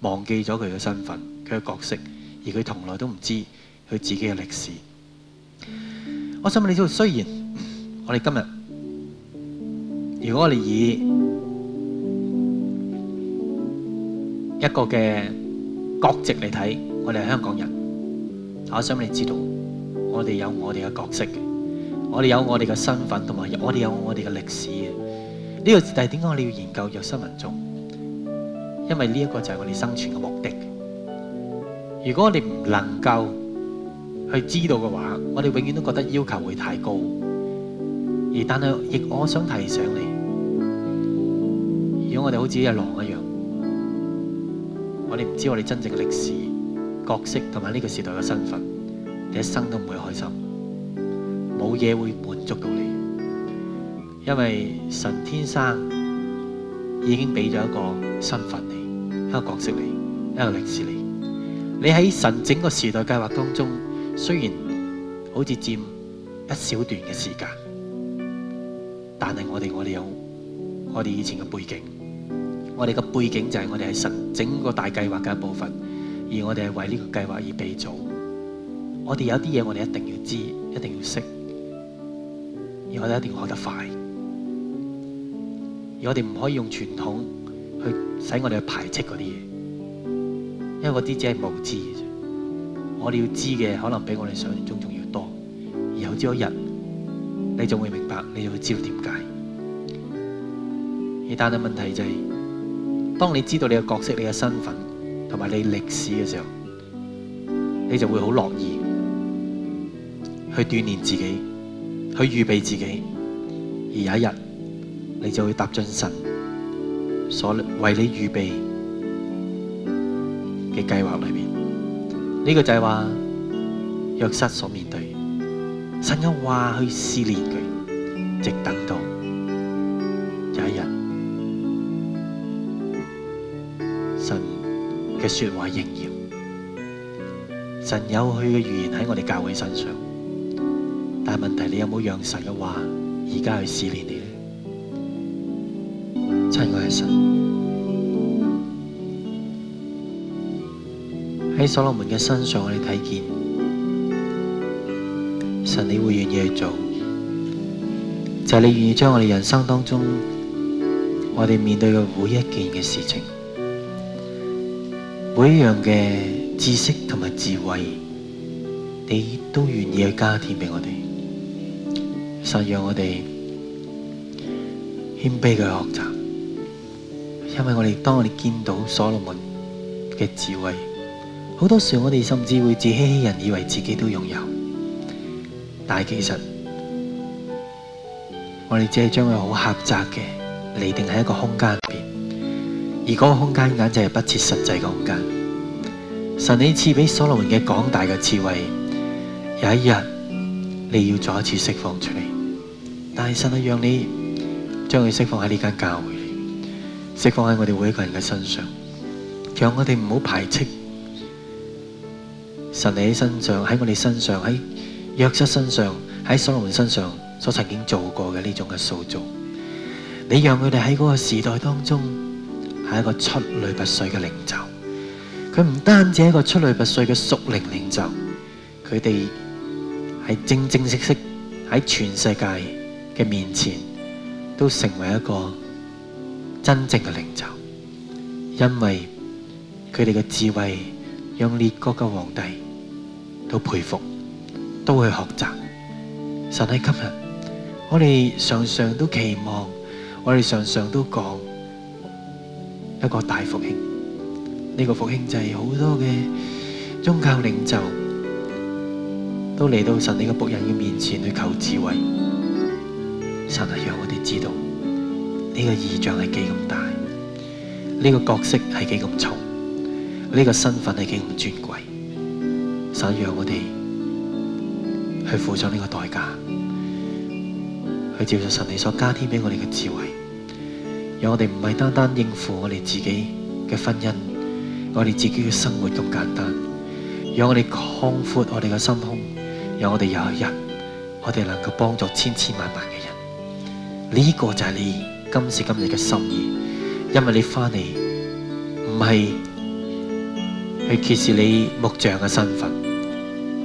忘記咗佢嘅身份、佢嘅角色，而佢從來都唔知佢自己嘅歷史。我想問你，雖然我哋今日，如果我哋以一個嘅國籍嚟睇，我哋係香港人，我想問你知道我哋有我哋嘅角色嘅。我哋有我哋嘅身份，同埋我哋有我哋嘅歷史。呢個時代點解我哋要研究弱勢民族？因為呢個就係我哋生存嘅目的。如果我哋唔能夠去知道嘅話，我哋永遠都覺得要求會太高。而但係，亦我想提醒你，如果我哋好似一隻狼一樣，我哋唔知道我哋真正嘅歷史角色同埋呢個時代嘅身份，你一生都唔會開心。冇嘢會滿足到你，因為神天生已經俾咗一個身份你，一個角色你，一個歷史你。你喺神整個時代計劃當中，雖然好似佔一小段嘅時間，但係我哋我哋有我哋以前嘅背景，我哋嘅背景就係我哋係神整個大計劃嘅一部分，而我哋係為呢個計劃而被造。我哋有啲嘢我哋一定要知，一定要識。而我哋一定學得快，而我哋唔可以用傳統去使我哋排斥嗰啲嘢，因為嗰啲只係無知嘅啫。我哋要知嘅可能比我哋想像中仲要多，有朝一日你就會明白，你就會知道點解。而單單問題就係、是，當你知道你嘅角色、你嘅身份同埋你的歷史嘅時候，你就會好樂意去鍛鍊自己。去預備自己，而有一日，你就會踏進神所為你預備的計劃裏面。呢個就係話約瑟所面對，神一話去試煉佢，直等到有一日，神的說話應驗，神有佢的預言在我哋教會身上。但係問題，你有冇讓神嘅話而家去試煉你咧？親愛神喺所羅門嘅身上我們看，我哋睇見神你會願意去做，就係、是、你願意將我哋人生當中我哋面對嘅每一件嘅事情，每一樣嘅知識同埋智慧，你都願意去加添俾我哋。就讓我哋謙卑嘅學習，因為我哋當我哋見到所羅門嘅智慧，好多時我哋甚至會自欺欺人，以為自己都擁有，但係其實我哋只係將佢好狹窄嘅嚟，定喺一個空間入邊，而嗰個空間簡直係不切實際嘅空間。神你賜俾所羅門嘅廣大嘅智慧，有一日你要再一次釋放出嚟。但係神啊，讓你將佢釋放喺呢間教會，釋放喺我哋每一個人嘅身上，讓我哋唔好排斥神喺身上，喺我哋身上，喺約瑟身上，喺所羅門身上所曾經做過嘅呢種嘅塑造。你讓佢哋喺嗰個時代當中係一個出類拔萃嘅領袖。佢唔單止係一個出類拔萃嘅屬靈領袖，佢哋係正正式式喺全世界。嘅面前都成為一個真正嘅領袖，因為佢哋嘅智慧讓列國嘅皇帝都佩服，都去學習。神喺今日，我哋常常都期望，我哋常常都講一個大復興。呢、這個復興就係好多嘅宗教領袖都嚟到神呢嘅僕人嘅面前去求智慧。神係讓我哋知道呢個意象係幾咁大，呢個角色係幾咁重，呢個身份係幾咁尊貴。神讓我哋去付上呢個代價，去照着神你所加添俾我哋嘅智慧，讓我哋唔係單單應付我哋自己嘅婚姻，我哋自己嘅生活咁簡單，讓我哋擴闊我哋嘅心胸，讓我哋有一日我哋能夠幫助千千萬萬嘅。呢、這個就係你今時今日嘅心意，因為你翻嚟，唔係去揭示你木匠嘅身份，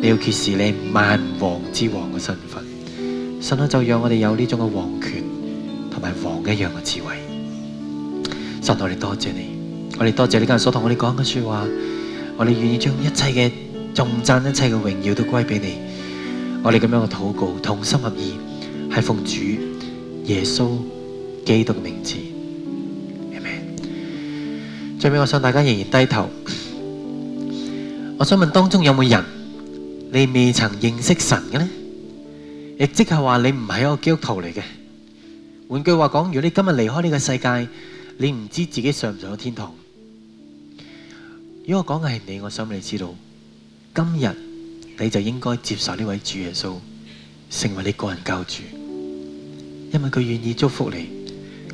你要揭示你萬王之王嘅身份。神啊，就讓我哋有呢種嘅王權同埋王一樣嘅智慧。神，我哋多謝你，我哋多謝你今日所同我哋講嘅說話，我哋願意將一切嘅重讚、一切嘅榮耀都歸俾你。我哋咁樣嘅禱告，同心合意，係奉主耶穌基督名字，amen。最尾我想大家仍然低頭。我想問，當中有冇人你未曾認識神嘅呢？亦即係話，你唔係一個基督徒嚟嘅。換句話講，如果你今日離開呢個世界，你唔知自己上唔上咗天堂。如果我講嘅係你，我想畀你知道，今日你就應該接受呢位主耶穌，成為你個人救主。因為佢願意祝福你，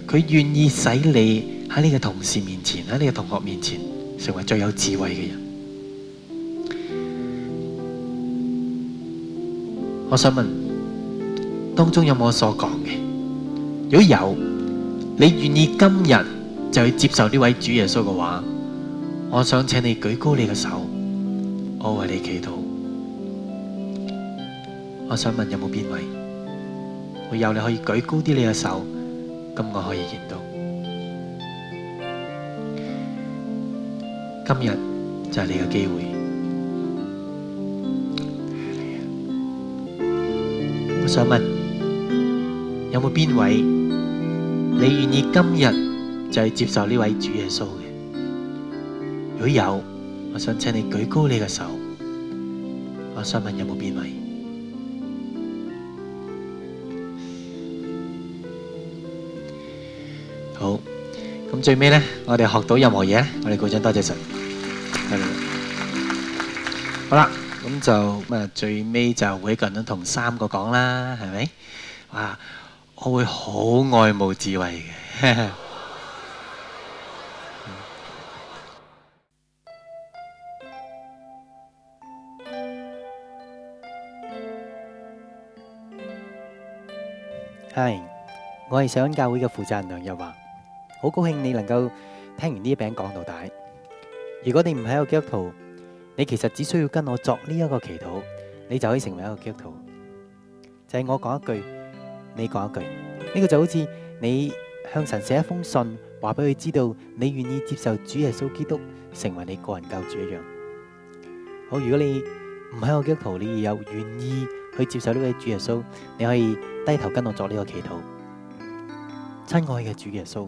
佢願意使你喺你個同事面前，喺你個同學面前，成為最有智慧嘅人。我想問，當中有冇我所講嘅？如果有，你願意今日就去接受呢位主耶穌嘅話，我想請你舉高你嘅手，我為你祈禱。我想問有冇邊位？有，你可以舉高啲你嘅手，咁我可以見到。今日就係你嘅機會。我想問有冇邊位你願意今日就去接受呢位主耶穌嘅？如果有，我想請你舉高你嘅手。我想問有冇邊位？咁最尾呢，我哋學到任何嘢呢，我哋鼓掌多謝神。好啦，咁就乜最尾就會一個人同三個講啦，係咪？哇！我會好愛慕智慧嘅。係，我係上恩教會嘅負責人梁日華。好，高興你能夠聽完呢一篇講道。如果你唔係一個基督徒，你其實只需要跟我作呢一個祈禱，你就可以成為一個基督徒。就係我講一句，你講一句，呢個就好似你向神寫一封信，話俾佢知道你願意接受主耶穌基督成為你個人救主一樣。好，如果你唔係個基督徒，你又願意去接受呢位主耶穌，你可以低頭跟我作呢個祈禱。親愛嘅主耶穌。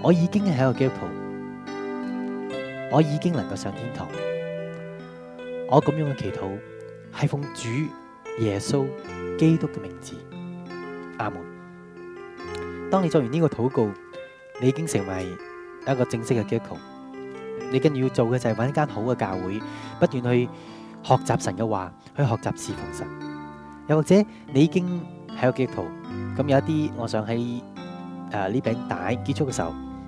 我已經係一個基督徒，我已經能夠上天堂。我咁樣嘅祈禱係奉主耶穌基督嘅名字，阿門。當你做完呢個禱告，你已經成為一個正式嘅基督徒。你跟住要做嘅就係揾一間好嘅教會，不斷去學習神嘅話，去學習侍奉神。又或者你已經係一個基督徒，咁有一啲，我想喺誒呢餅帶結束嘅時候。